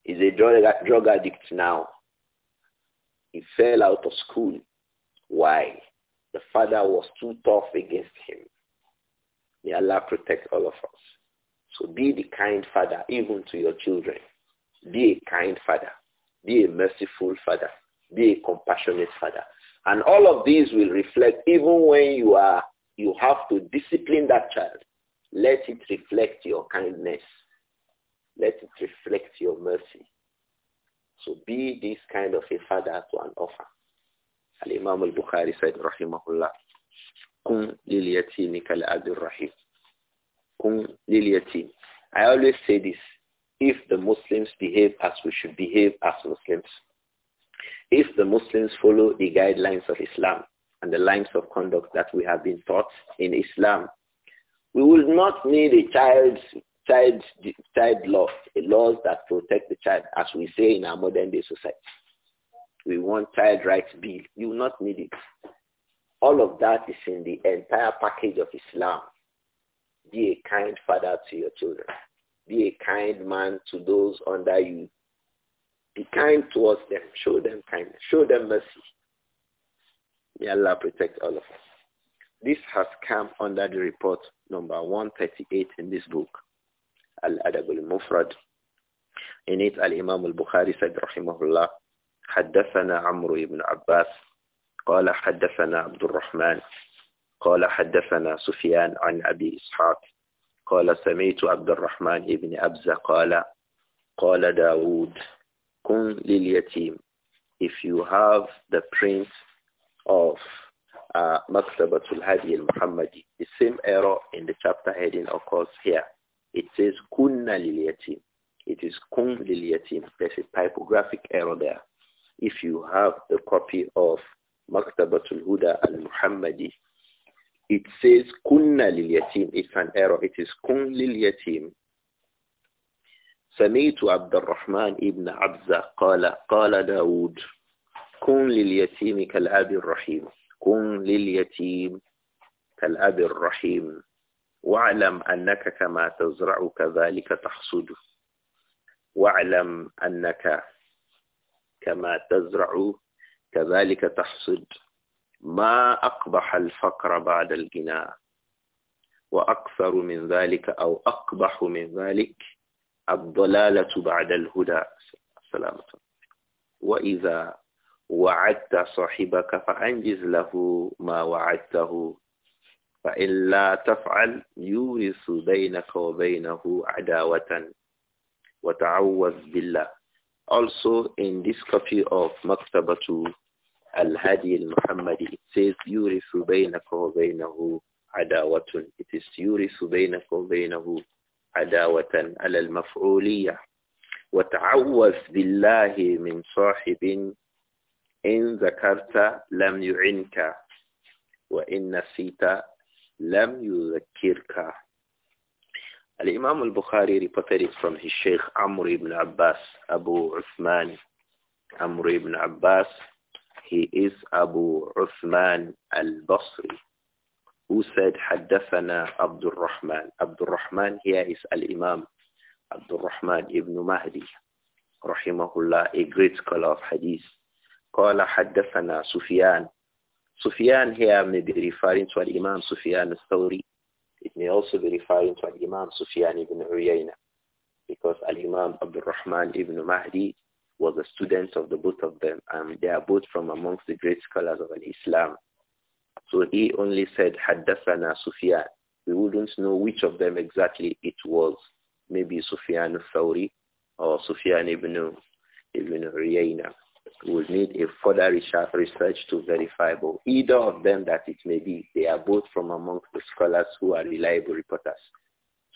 He's a drug, drug addict now. He fell out of school. Why? The father was too tough against him. May Allah protect all of us. So be the kind father even to your children. Be a kind father. Be a merciful father. Be a compassionate father. And all of these will reflect even when you are you have to discipline that child. Let it reflect your kindness. Let it reflect your mercy. So be this kind of a father to an orphan. Al-Imam al-Bukhari said, Rahimahullah, Kun lil yatimika Rahim. I always say this. If the Muslims behave as we should behave as Muslims, if the Muslims follow the guidelines of Islam and the lines of conduct that we have been taught in Islam, we will not need a child's child, child law, laws that protect the child, as we say in our modern day society. We want child rights bill. You will not need it. All of that is in the entire package of Islam. Be a kind father to your children. Be a kind man to those under you. Be kind towards them. Show them kindness. Show them mercy. May Allah protect all of us. This has come under the report number 138 in this book, Al-Adab al-Mufrad. In it, Al-Imam al-Bukhari said, Rahimahullah, حدثنا عمرو بن عباس قال حدثنا عبد الرحمن if you have the print of uh, Maktabatul Hadi al-Muhammadi. The same error in the chapter heading occurs here. It says Kunna lil It is Kun lil yatim. There's a typographic error there. If you have the copy of Maktabatul Huda al-Muhammadi, It says kunna lil yatim. It's an error. It is kun lil yatim. سميت عبد الرحمن ابن عبزة قال قال داود كن لليتيم كالأب الرحيم كن لليتيم كالأب الرحيم واعلم أنك كما تزرع كذلك تحصد واعلم أنك كما تزرع كذلك تحصد ما أقبح الفقر بعد الغنى وأكثر من ذلك أو أقبح من ذلك الضلالة بعد الهدى سلامة وإذا وعدت صاحبك فأنجز له ما وعدته فإن لا تفعل يورث بينك وبينه عداوة وتعوذ بالله Also in this copy of Maktabatu Al-Hadi al-Muhammadi. It says, يُورِثُ بَيْنَكَ وَبَيْنَهُ عَدَاوَةٌ. It is يُورِثُ بَيْنَكَ وَبَيْنَهُ عَدَاوَةً على المفعولية. وتعوذ بالله من صاحب إن ذكرت لم يعنك وإن نسيت لم يذكرك الإمام البخاري reported it from his Sheikh Amr ibn Abbas Abu Uthman Amr ibn Abbas he is Abu Uthman al-Basri, who said, Haddathana Abdul Rahman. Abdul Rahman here is Al-Imam Abdul Rahman ibn Mahdi, rahimahullah, a great scholar of hadith. قال حدثنا سفيان Sufyan here may be referring to Al-Imam Sufyan al-Thawri. It may also be referring to Al-Imam Sufyan ibn Uyayna because Al-Imam Abdul Rahman ibn Mahdi was a student of the both of them, and they are both from amongst the great scholars of Islam. So he only said Haddathana Sufyan. We wouldn't know which of them exactly it was. Maybe Sufyan Thawri or Sufyan ibn, ibn Uyayna. We would need a further research to verify, but either of them that it may be, they are both from amongst the scholars who are reliable reporters.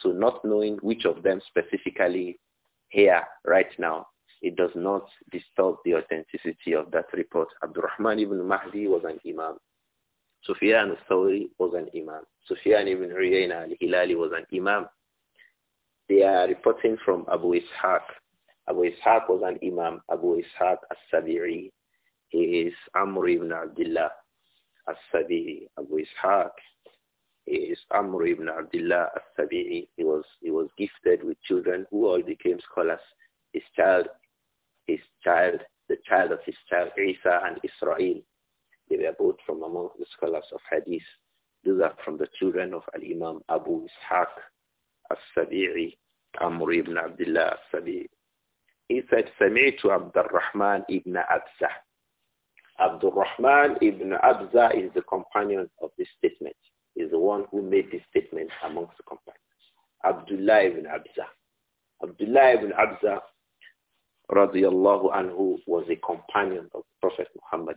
So not knowing which of them specifically here right now it does not disturb the authenticity of that report. Abdurrahman ibn Mahdi was an imam. Sufyan al-Thawri was an imam. Sufyan ibn Uyayna al-Hilali was an imam. They are reporting from Abu Ishaq. Abu Ishaq was an imam. Abu Ishaq al-Sabiri is Amr ibn Abdullah al-Sabiri. Abu Ishaq is Amr ibn Abdullah al-Sabiri. He was, he was gifted with children who all became scholars. His child his child, the child of his child, Isa and Israel. They were both from among the scholars of Hadith. These are from the children of Al-Imam Abu Ishaq al-Sabi'i, Amr ibn Abdullah al-Sabi'i. He said, to Abdul Rahman ibn Abza. Abdul Rahman ibn Abza is the companion of this statement. Is the one who made this statement amongst the companions. Abdullah ibn Abza. Abdullah ibn Abza radiallahu anhu was a companion of Prophet Muhammad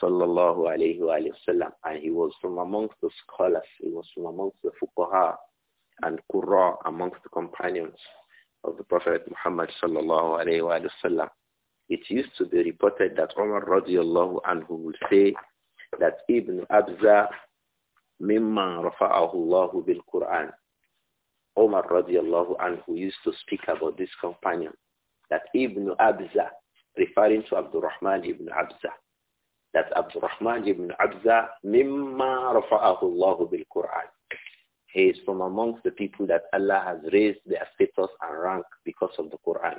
sallallahu alayhi wa sallam. And he was from amongst the scholars. He was from amongst the fuqaha and qurra amongst the companions of the Prophet Muhammad sallallahu alayhi wa sallam. It used to be reported that Umar radiallahu anhu would say that Ibn Abza mimman rafa'ahu Allah bil Quran. Umar radiallahu anhu used to speak about this companion that Ibn Abza, referring to Abdul Rahman ibn Abza, that Abdul Rahman ibn Abza, mimma rafa'ahu Allah bil Quran. He is from amongst the people that Allah has raised their status and rank because of the Quran.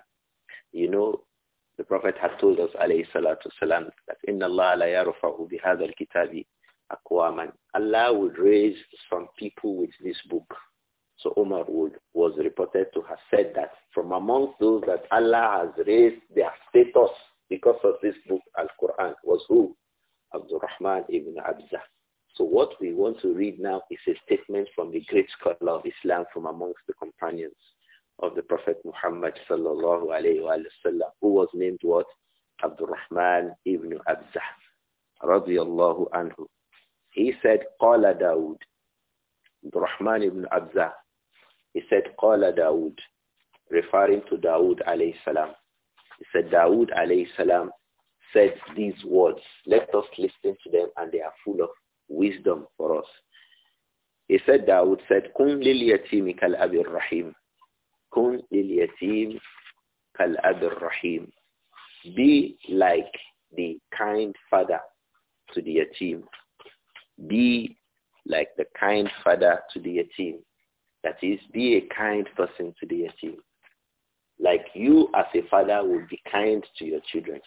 You know, the Prophet had told us, alayhi salatu salam, that inna Allah la yarfa'u bihadha al-kitabi akwaman. Allah would raise some people with this book. So Omar would, was reported to have said that from amongst those that Allah has raised their status because of this book, Al-Quran, was who? Abdul Rahman ibn Abza. So what we want to read now is a statement from the great scholar of Islam from amongst the companions of the Prophet Muhammad sallallahu alayhi wa sallam, who was named what? Abdul Rahman ibn Abza, radiyallahu anhu. He said, Qala Dawood. Abdul Rahman ibn Abza he said, Qala Dawood, referring to Dawood alayhi salam. He said, Dawood alayhi salam said these words. Let us listen to them and they are full of wisdom for us. He said, Dawood said, Kun lil yatimi kal abir rahim. Kun lil yatim kal abir rahim. Be like the kind father to the yatim. Be like the kind father to the yatim. That is, be a kind person to the yatim. Like you as a father will be kind to your children.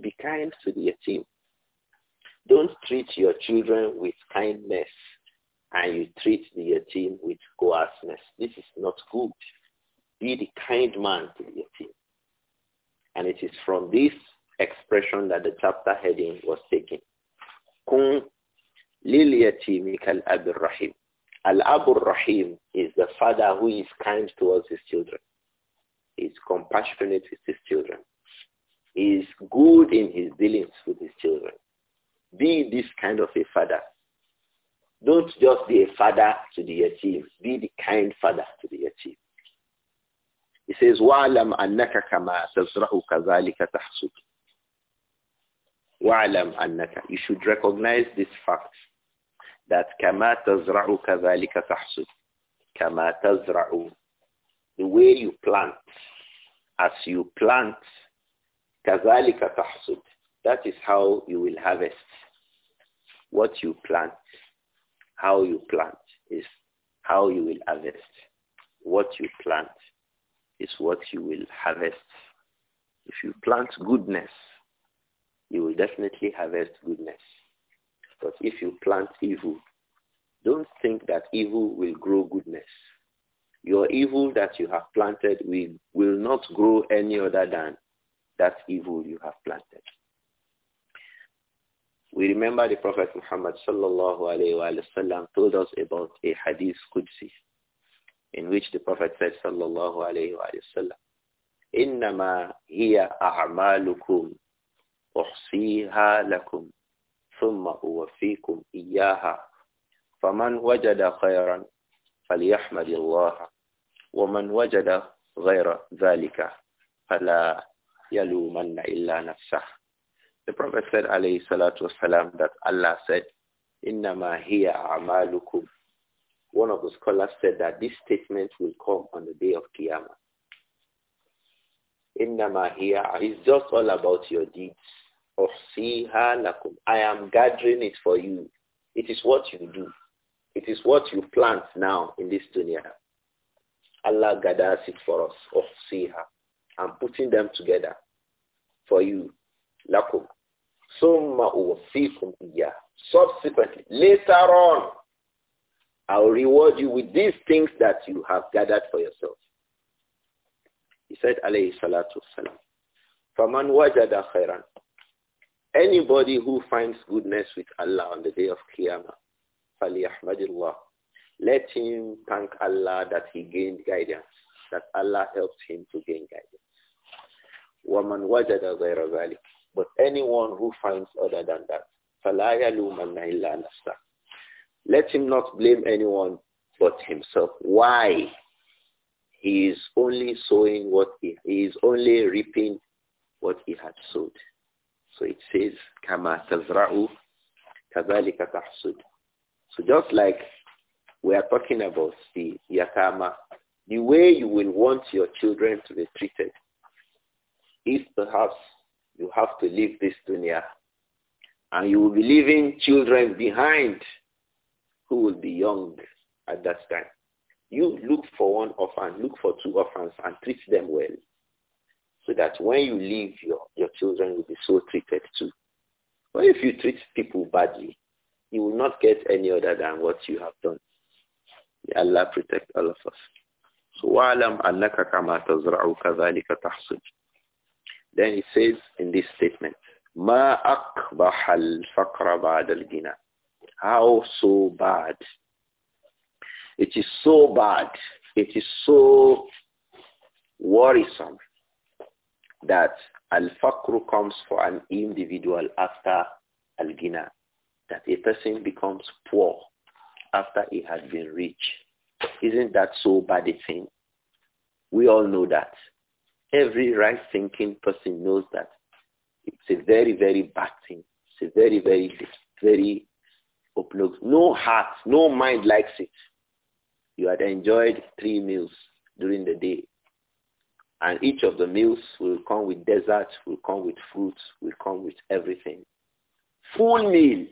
Be kind to the team. Don't treat your children with kindness and you treat the team with coarseness. This is not good. Be the kind man to the team. And it is from this expression that the chapter heading was taken. Kun lil yatimi kal rahim Al-Abu Rahim is the father who is kind towards his children. He is compassionate with his children. He is good in his dealings with his children. Be this kind of a father. Don't just be a father to the yatim. Be the kind father to the yatim. He says, وَعْلَمْ أَنَّكَ كَمَا تَزْرَعُ كَذَلِكَ تَحْصُدُ وَعْلَمْ أَنَّكَ You should recognize this fact that kama tazra'u kadhalika tahsud. Kama tazra'u. The way you plant, as you plant, kadhalika tahsud. That is how you will harvest. What you plant, how you plant is how you will harvest. What you plant is what you will harvest. If you plant goodness, you will definitely harvest goodness. But if you plant evil, don't think that evil will grow goodness. Your evil that you have planted will, will not grow any other than that evil you have planted. We remember the Prophet Muhammad sallallahu alayhi wa told us about a hadith Qudsi in which the Prophet said sallallahu alayhi wa sallam, إِنَّمَا هِيَ أَعْمَالُكُمْ أُحْصِيهَا لَكُمْ ثم إياها فمن وجد خيرا فليحمد الله ومن وجد غير ذلك فلا يلومن إلا نفسه The Prophet said that Allah said إنما هي أعمالكم One of the scholars said that this statement will come on the day of Qiyamah. إنما هي It's just all about your deeds I am gathering it for you. It is what you do. It is what you plant now in this dunya. Allah gathers it for us. أحصيها. I'm putting them together for you. لكم. ثم أوصيكم إياه. Subsequently, later on, I'll reward you with these things that you have gathered for yourself. He said, alayhi salatu wasalam, فَمَنْ وَجَدَ خَيْرًا Anybody who finds goodness with Allah on the day of Qiyamah, Let him thank Allah that he gained guidance, that Allah helped him to gain guidance. But anyone who finds other than that, Let him not blame anyone but himself. Why? He is only sowing what he, he is only reaping what he had sowed. So it says, "Kama تَزْرَعُ كَذَلِكَ تَحْصُدُ So just like we are talking about the yatama, the way you will want your children to be treated, if perhaps you have to leave this dunya and you will be leaving children behind who will be young at that time. You look for one orphan, look for two orphans and treat them well so that when you leave, your, your children will be so treated too. But if you treat people badly, you will not get any other than what you have done. May Allah protect all of us. So Then it says in this statement, مَا أَقْبَحَ bad بَعْدَ الْغِنَى How so bad. It is so bad. It is so worrisome that al-faqru comes for an individual after al-ghina, that a person becomes poor after he has been rich. Isn't that so bad a thing? We all know that. Every right-thinking person knows that. It's a very, very bad thing. It's a very, very, very overlooked. No heart, no mind likes it. You had enjoyed three meals during the day. And each of the meals will come with desserts, will come with fruits, will come with everything. Full meal,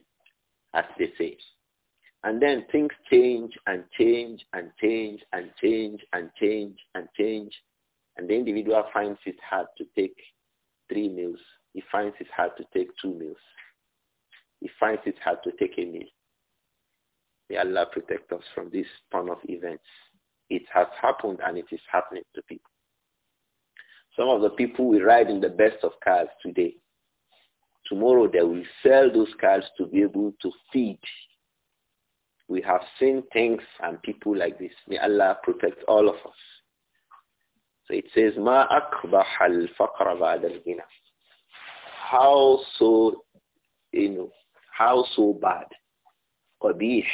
as they say. And then things change and change and change and change and change and change. And the individual finds it hard to take three meals. He finds it hard to take two meals. He finds it hard to take a meal. May Allah protect us from this kind of events. It has happened and it is happening to people. Some of the people will ride in the best of cars today. Tomorrow they will sell those cars to be able to feed. We have seen things and people like this. May Allah protect all of us. So it says, Ma akbah al How so, you know, how so bad? Qabih.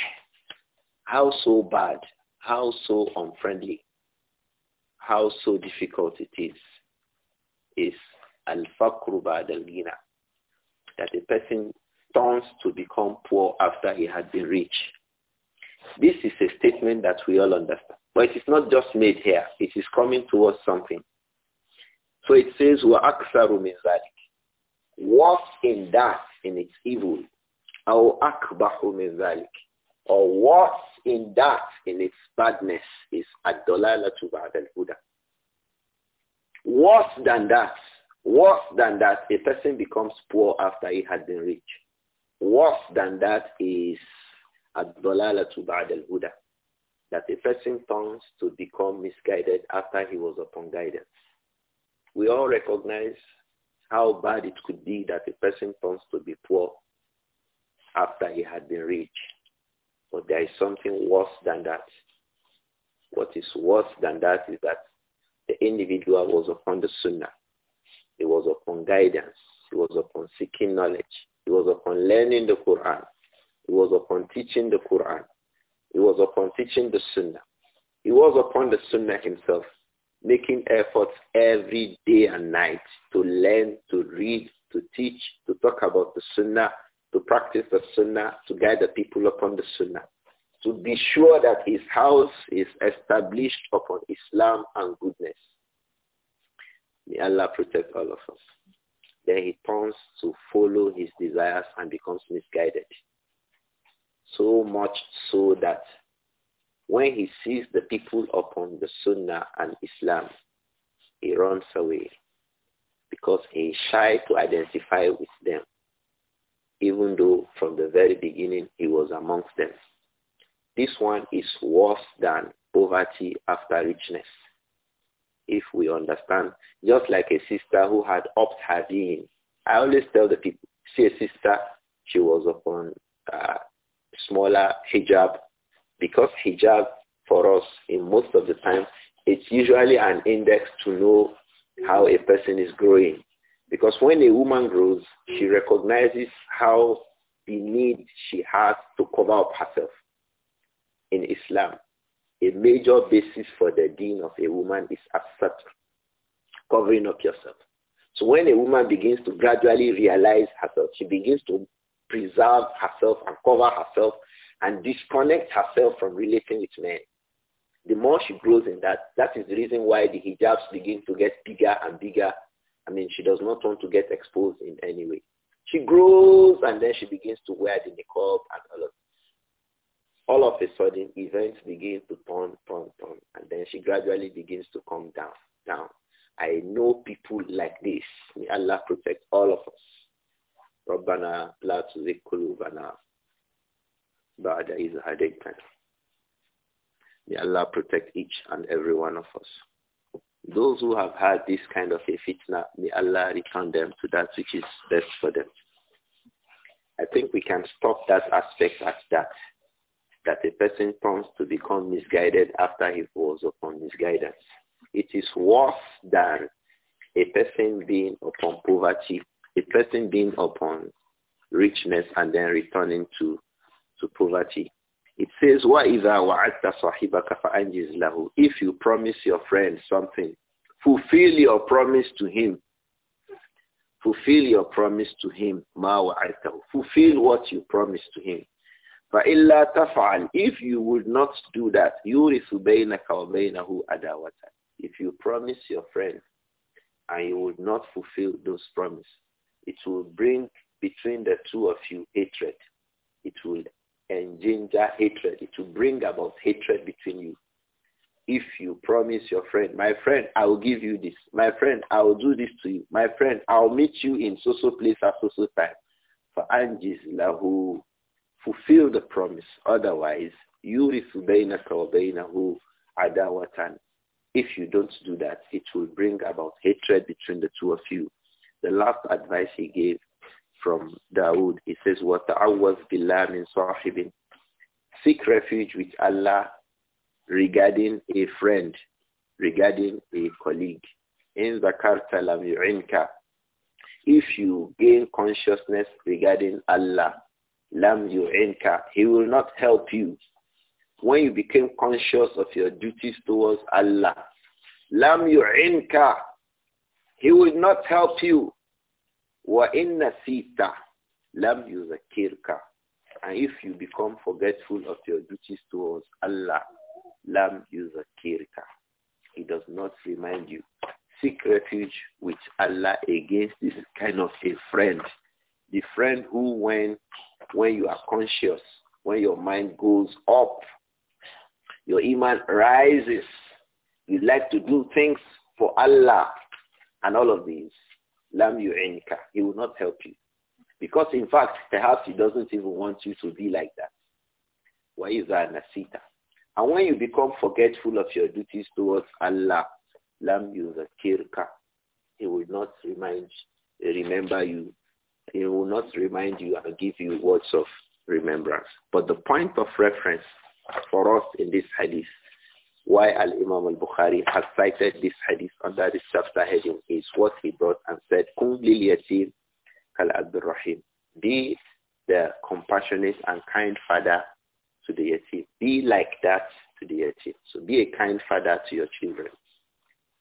How so bad? How so unfriendly? How so difficult it is is al-fakru al gina that a person turns to become poor after he had been rich. This is a statement that we all understand. But it is not just made here. It is coming towards something. So it says, وَأَكْثَرُ مِنْ ذَلِكِ Worse in that, in its evil. أَوْ akbahu مِنْ Or worse in that, in its badness, is أَدْدَلَالَةُ al huda Worse than that, worse than that, a person becomes poor after he has been rich. Worse than that is ba ba'd al-huda. That a person turns to become misguided after he was upon guidance. We all recognize how bad it could be that a person turns to be poor after he had been rich. But there is something worse than that. What is worse than that is that the individual was upon the sunnah. He was upon guidance. He was upon seeking knowledge. He was upon learning the Quran. He was upon teaching the Quran. He was upon teaching the sunnah. He was upon the sunnah himself, making efforts every day and night to learn, to read, to teach, to talk about the sunnah, to practice the sunnah, to guide the people upon the sunnah to be sure that his house is established upon Islam and goodness. May Allah protect all of us. Then he turns to follow his desires and becomes misguided. So much so that when he sees the people upon the Sunnah and Islam, he runs away because he is shy to identify with them, even though from the very beginning he was amongst them. This one is worse than poverty after richness. If we understand, just like a sister who had upped her deen. I always tell the people, see a sister, she was upon a uh, smaller hijab. Because hijab for us, in most of the time, it's usually an index to know how a person is growing. Because when a woman grows, she recognizes how the need she has to cover up herself in Islam, a major basis for the deen of a woman is as covering up yourself. So when a woman begins to gradually realize herself, she begins to preserve herself and cover herself and disconnect herself from relating with men. The more she grows in that, that is the reason why the hijabs begin to get bigger and bigger. I mean, she does not want to get exposed in any way. She grows and then she begins to wear the niqab and all of that all of a sudden events begin to turn, turn, turn, and then she gradually begins to come down, down. I know people like this. May Allah protect all of us. ربنا la تزغ قلوبنا بعد May Allah protect each and every one of us. Those who have had this kind of a fitna, may Allah return them to that which is best for them. I think we can stop that aspect at that that a person turns to become misguided after he falls upon misguidance. It is worse than a person being upon poverty, a person being upon richness and then returning to, to poverty. It says, وَإِذَا وَعَدْتَ صَاحِبَكَ فَأَنْجِزْ لَهُ If you promise your friend something, fulfill your promise to him. Fulfill your promise to him. Fulfill what you promised to him. فَإِلَّا تَفْعَلْ If you would not do that, يُورِثُ بَيْنَكَ وَبَيْنَهُ أَدَاوَةً If you promise your friend and you would not fulfill those promises, it will bring between the two of you hatred. It will engender hatred. It will bring about hatred between you. If you promise your friend, my friend, I will give you this. My friend, I will do this to you. My friend, I will meet you in so-so place at so-so time. فَأَنْجِزْ لَهُ fulfill the promise. Otherwise, in bainaka wa bainahu adawatan. If you don't do that, it will bring about hatred between the two of you. The last advice he gave from Dawood, he says, وَتَعَوَّذْ بِاللَّهِ مِنْ صَاحِبٍ Seek refuge with Allah regarding a friend, regarding a colleague. In zakarta lam yu'inka. If you gain consciousness regarding Allah, Lam yu'inka. He will not help you. When you became conscious of your duties towards Allah, Lam yu'inka. He will not help you. Wa inna sita. Lam yuzakirka. And if you become forgetful of your duties towards Allah, Lam yuzakirka. He does not remind you. Seek refuge with Allah against this kind of a friend. The friend who when when you are conscious, when your mind goes up, your iman rises. You like to do things for Allah and all of these. Lam yu'inka. He will not help you. Because in fact, perhaps he doesn't even want you to be like that. Why is that nasita? And when you become forgetful of your duties towards Allah, lam yuzakirka. He will not remind, remember you he will not remind you and give you words of remembrance. But the point of reference for us in this hadith, why Al-Imam al-Bukhari has cited this hadith under this chapter heading is what he brought and said, Kum lil yatim kal rahim. Be the compassionate and kind father to the yatim. Be like that to the yatim. So be a kind father to your children.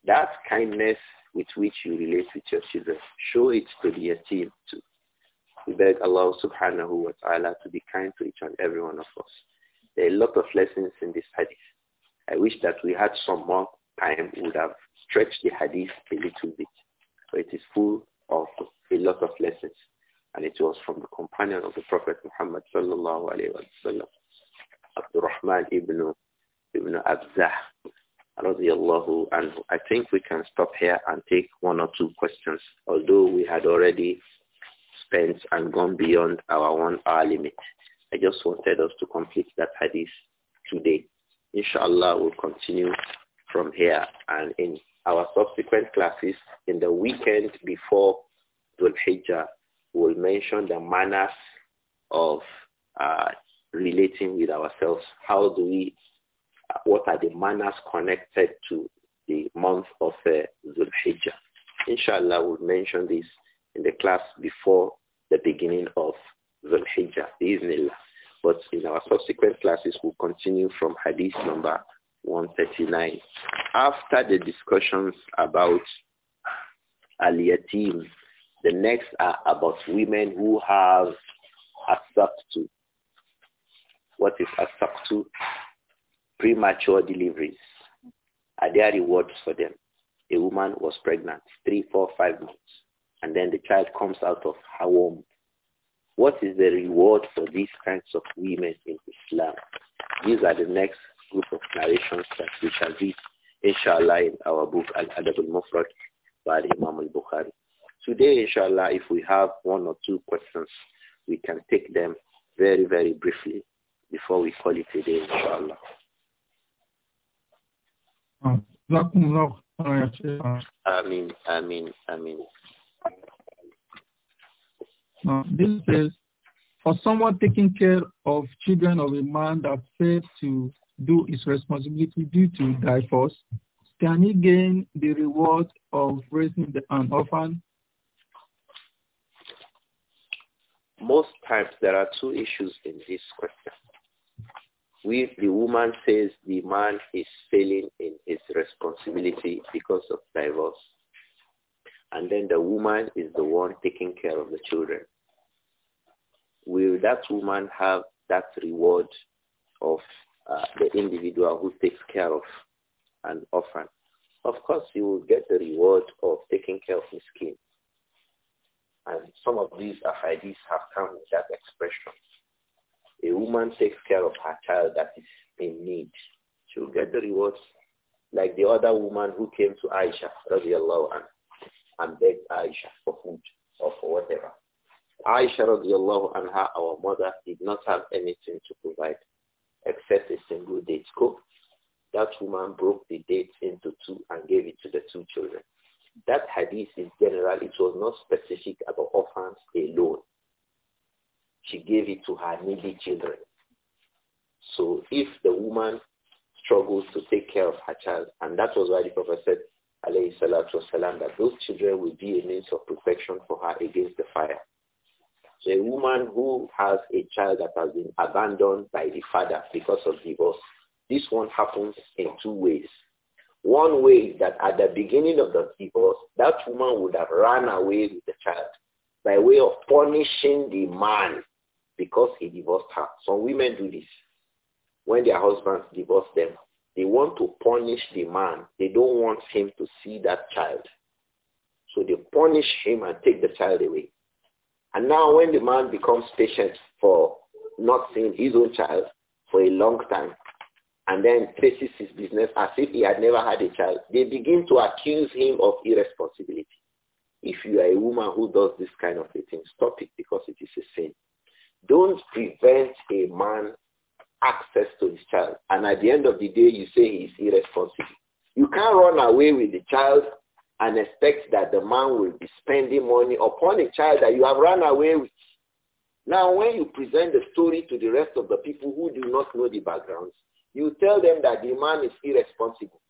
That kindness with which you relate with your children, show it to the yatim too. We beg Allah subhanahu wa ta'ala to be kind to each and every one of us. There are a lot of lessons in this hadith. I wish that we had some more time, we would have stretched the hadith a little bit. But it is full of a lot of lessons. And it was from the companion of the Prophet Muhammad sallallahu alayhi wa sallam, Rahman ibn, ibn Abzah, radiallahu anhu. I think we can stop here and take one or two questions, although we had already spent and gone beyond our one hour limit. I just wanted us to complete that hadith today. Inshallah, we'll continue from here and in our subsequent classes in the weekend before Dhul Hijjah, we'll mention the manners of uh, relating with ourselves. How do we, uh, what are the manners connected to the month of uh, Dhul Hijjah? Inshallah, we'll mention this in the class before the beginning of the Hijjah, Bismillah. But in our subsequent classes, we'll continue from Hadith number 139. After the discussions about al the next are about women who have asabtu. What is asabtu? Premature deliveries. Are there rewards for them? A woman was pregnant three, four, five months and then the child comes out of her womb. What is the reward for these kinds of women in Islam? These are the next group of narrations that we shall read, inshallah, in our book Al-Adab al-Mufrad by Imam al-Bukhari. Today, inshallah, if we have one or two questions, we can take them very, very briefly before we call it a day, inshallah. Ameen, ameen, ameen. Now, uh, this says, for someone taking care of children of a man that fails to do his responsibility due to divorce, can he gain the reward of raising the, an orphan? Most times there are two issues in this question. If the woman says the man is failing in his responsibility because of divorce, and then the woman is the one taking care of the children, will that woman have that reward of uh, the individual who takes care of an orphan? Of course, you will get the reward of taking care of his kin. And some of these ahadiths have come with that expression. A woman takes care of her child that is in need. She will get the rewards like the other woman who came to Aisha, radiallahu anha, and begged Aisha for food or for whatever. Aisha radiallahu anha, our mother, did not have anything to provide except a single date scope. That woman broke the date into two and gave it to the two children. That hadith is general. It was not specific about orphans alone. She gave it to her needy children. So if the woman struggles to take care of her child, and that was why the Prophet said, alayhi salatu wasalam, that those children will be a means of protection for her against the fire a woman who has a child that has been abandoned by the father because of divorce, this one happens in two ways. One way is that at the beginning of the divorce, that woman would have run away with the child by way of punishing the man because he divorced her. Some women do this. When their husbands divorce them, they want to punish the man. They don't want him to see that child. So they punish him and take the child away. And now when the man becomes patient for not seeing his own child for a long time and then traces his business as if he had never had a child, they begin to accuse him of irresponsibility. If you are a woman who does this kind of a thing, stop it because it is a sin. Don't prevent a man access to his child. And at the end of the day, you say he is irresponsible. You can't run away with the child and expect that the man will be spending money upon a child that you have run away with. Now, when you present the story to the rest of the people who do not know the backgrounds, you tell them that the man is irresponsible.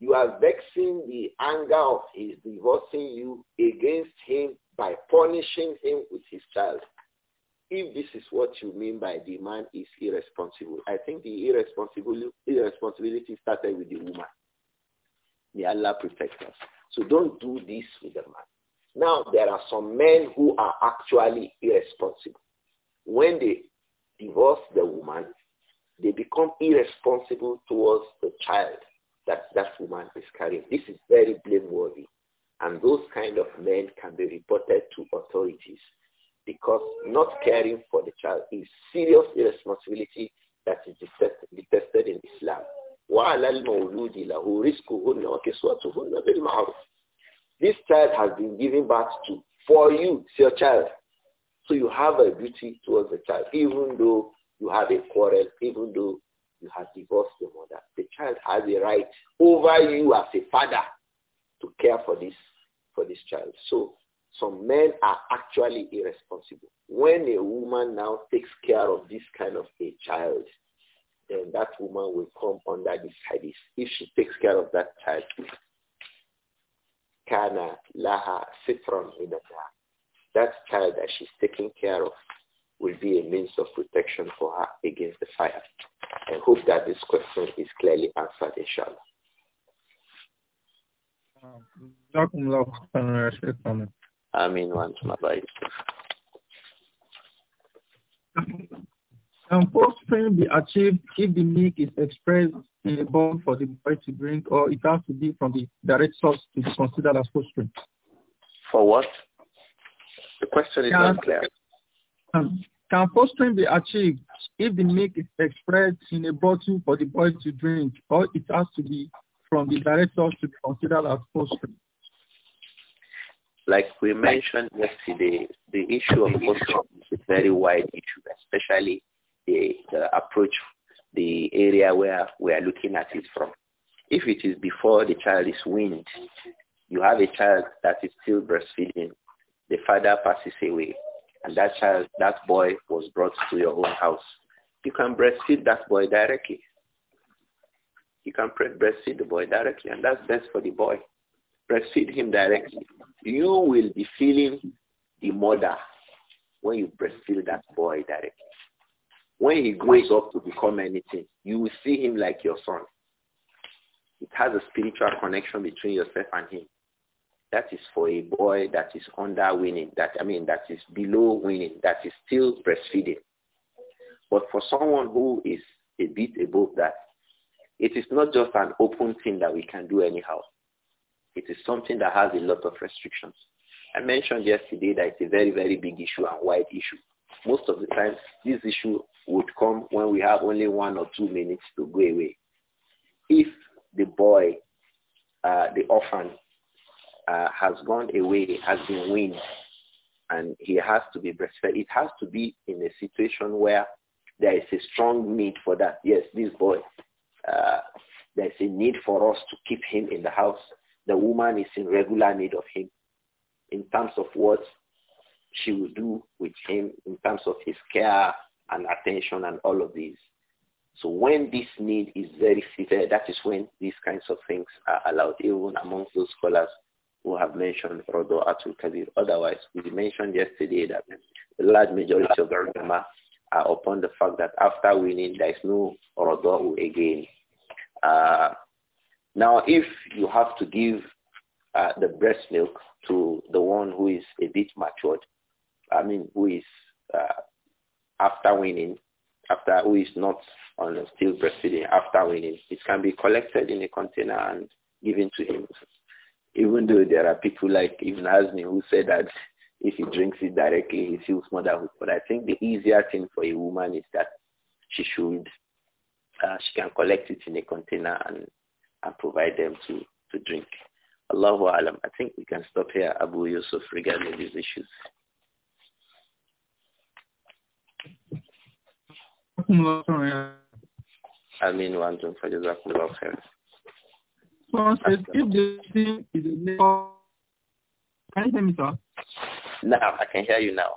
You are vexing the anger of his divorcing you against him by punishing him with his child. If this is what you mean by the man is irresponsible, I think the irresponsibility, started with the woman. May Allah protect us. So don't do this with a man. Now, there are some men who are actually irresponsible. When they divorce the woman, they become irresponsible towards the child that that woman is carrying. This is very blameworthy. And those kind of men can be reported to authorities because not caring for the child is serious irresponsibility that is detested in Islam. وَعَلَى الْمَوْلُودِ لَهُ رِزْقُهُنَّ وَكِسْوَتُهُنَّ بِالْمَعْرُوفِ This child has been given birth to for you, it's your child. So you have a duty towards the child, even though you have a quarrel, even though you have divorced your mother. The child has a right over you as a father to care for this for this child. So some men are actually irresponsible. When a woman now takes care of this kind of a child, then that woman will come under this hadith. If she takes care of that child, kana laha sitron That child that she's taking care of will be a means of protection for her against the fire. I hope that this question is clearly answered, inshallah. آمين my الله can fostering be achieved if the milk is expressed in a bowl for the boy to drink or it has to be from the direct source to be considered as fostering? For what? The question is can, not clear. Um, can can fostering be achieved if the milk is expressed in a bottle for the boy to drink or it has to be from the direct source to be considered as fostering? Like we mentioned yesterday, the issue of fostering is a very wide issue, especially the, the approach the area where we are looking at it from. If it is before the child is weaned, you have a child that is still breastfeeding, the father passes away, and that child, that boy was brought to your own house. You can breastfeed that boy directly. You can breastfeed the boy directly, and that's best for the boy. Breastfeed him directly. You will be feeling the mother when you breastfeed that boy directly. When he grows up to become anything, you will see him like your son. It has a spiritual connection between yourself and him. That is for a boy that is under winning, that I mean that is below winning, that is still breastfeeding. But for someone who is a bit above that, it is not just an open thing that we can do anyhow. It is something that has a lot of restrictions. I mentioned yesterday that it's a very, very big issue and wide issue. Most of the time, this issue would come when we have only one or two minutes to go away. If the boy, uh, the orphan, uh, has gone away, has been weaned, and he has to be breastfed, it has to be in a situation where there is a strong need for that. Yes, this boy, uh, there's a need for us to keep him in the house. The woman is in regular need of him in terms of what she will do with him, in terms of his care, and attention and all of these. So when this need is very severe, that is when these kinds of things are allowed, even amongst those scholars who have mentioned Rodo Atul Otherwise, we mentioned yesterday that the large majority of the ulama are upon the fact that after winning, there is no Rodo again. Uh, now, if you have to give uh, the breast milk to the one who is a bit matured, I mean, who is uh, after winning, after who is not on still breastfeeding after winning, it can be collected in a container and given to him. Even though there are people like Ibn Hasni who say that if he drinks it directly, he feels motherhood. But I think the easier thing for a woman is that she should, uh, she can collect it in a container and, and provide them to, to drink. Allahu Alam. I think we can stop here, Abu Yusuf, regarding these issues. I mean, one to Fajazakum Allah khair. Someone says, if the sin is a neighbor, can you hear me, sir? Now, I can hear you now.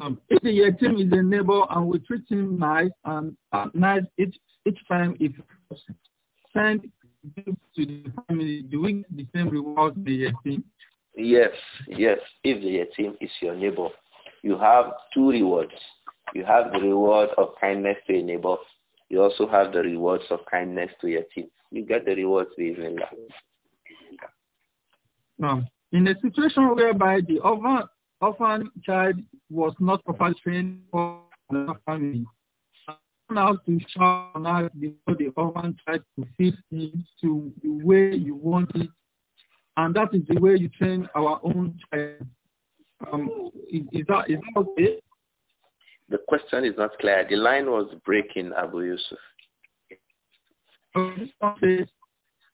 Um, if the team is a neighbor and we treat him nice and uh, nice each, each time if send gifts to the family, do we get the same reward the team. Yes, yes. If the team is your neighbor, you have two rewards. You have the reward of kindness to your neighbor. You also have the rewards of kindness to your team. You get the rewards within that. Now, in a situation whereby the orphan, orphan child was not properly trained for the family, now to shout out before the orphan child to fit into the way you want it, and that is the way you train our own child. Um, is, is that is that okay? The question is not clear. The line was breaking, Abu Yusuf. In the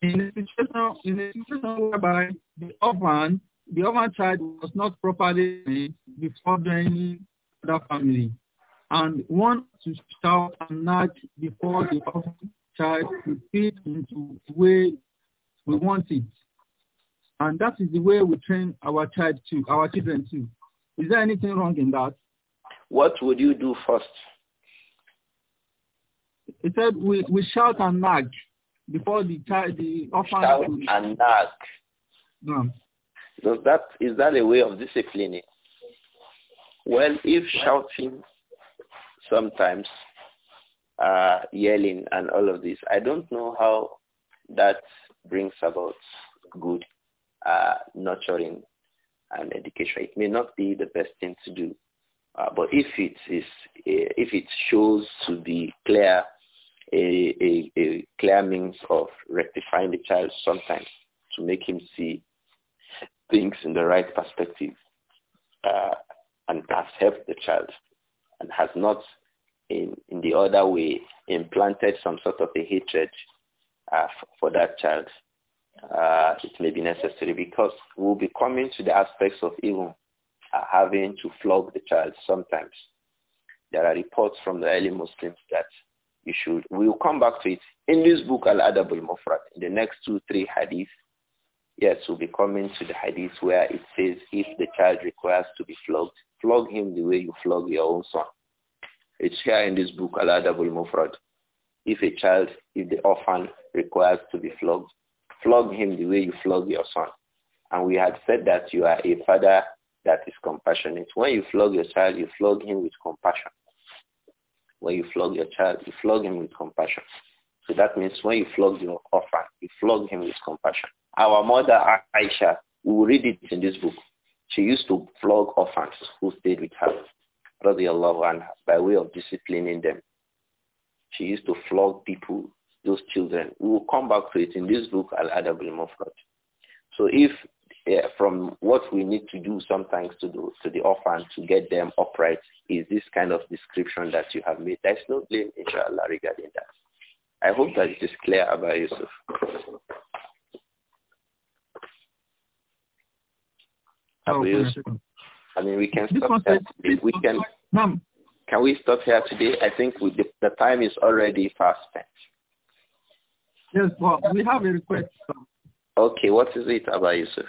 situation, in the situation whereby the orphan, the orphan child was not properly before the other family, and one to shout and nag before the orphan child to fit into the way we want it, and that is the way we train our child to, our children to. Is there anything wrong in that? what would you do first? He said, we, we shout and nag before the child, the orphan. Shout and nag. No. Does that, is that a way of disciplining? Well, if shouting sometimes, uh, yelling and all of this, I don't know how that brings about good uh, nurturing and education. It may not be the best thing to do uh, but if it is, uh, if it shows to be clear, a, a, a clear means of rectifying the child sometimes to make him see things in the right perspective uh, and has helped the child and has not in, in the other way implanted some sort of a hatred uh, for that child, uh, it may be necessary because we'll be coming to the aspects of evil are having to flog the child sometimes. There are reports from the early Muslims that you should, we'll come back to it. In this book, Al-Adab al-Mufrad, in the next two, three hadiths, yes, we'll be coming to the hadith where it says if the child requires to be flogged, flog him the way you flog your own son. It's here in this book, Al-Adab al-Mufrad. If a child, if the orphan requires to be flogged, flog him the way you flog your son. And we had said that you are a father that is compassionate. When you flog your child, you flog him with compassion. When you flog your child, you flog him with compassion. So that means when you flog your orphan, you flog him with compassion. Our mother Aisha, we will read it in this book. She used to flog orphans who stayed with her, Allah anha, by way of disciplining them. She used to flog people, those children. We will come back to it in this book, Al-Adab al-Mufrad. So if yeah, from what we need to do sometimes to the, to the orphan to get them upright is this kind of description that you have made. There's no blame, inshallah, regarding that. I hope that it is clear about Yusuf. Abu oh, Yusuf. I mean, we can stop here. We can, can we stop here today? I think we, the, the time is already fast spent. Yes, well, we have a request. Okay, what is it, about Yusuf?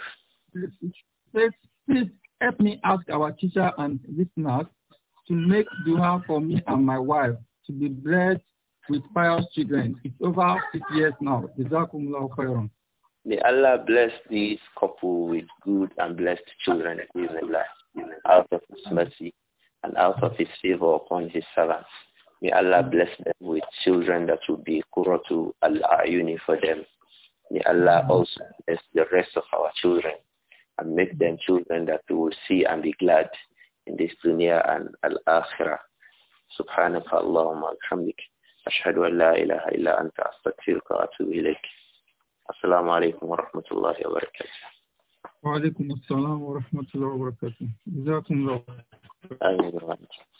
Please, please help me ask our teacher and listeners to make dua for me and my wife to be blessed with pious children. It's over six years now. khairan. May Allah bless this couple with good and blessed children out of his mercy and out of his favor upon his servants. May Allah bless them with children that will be Quratu al-Ayuni for them. May Allah also bless the rest of our children and make them children that we will see and be glad in this dunya and al-akhirah. سبحانك اللهم وبحمدك أشهد أن لا إله إلا أنت أستغفرك وأتوب إليك السلام عليكم ورحمة الله وبركاته وعليكم السلام ورحمة الله وبركاته جزاكم الله خيرا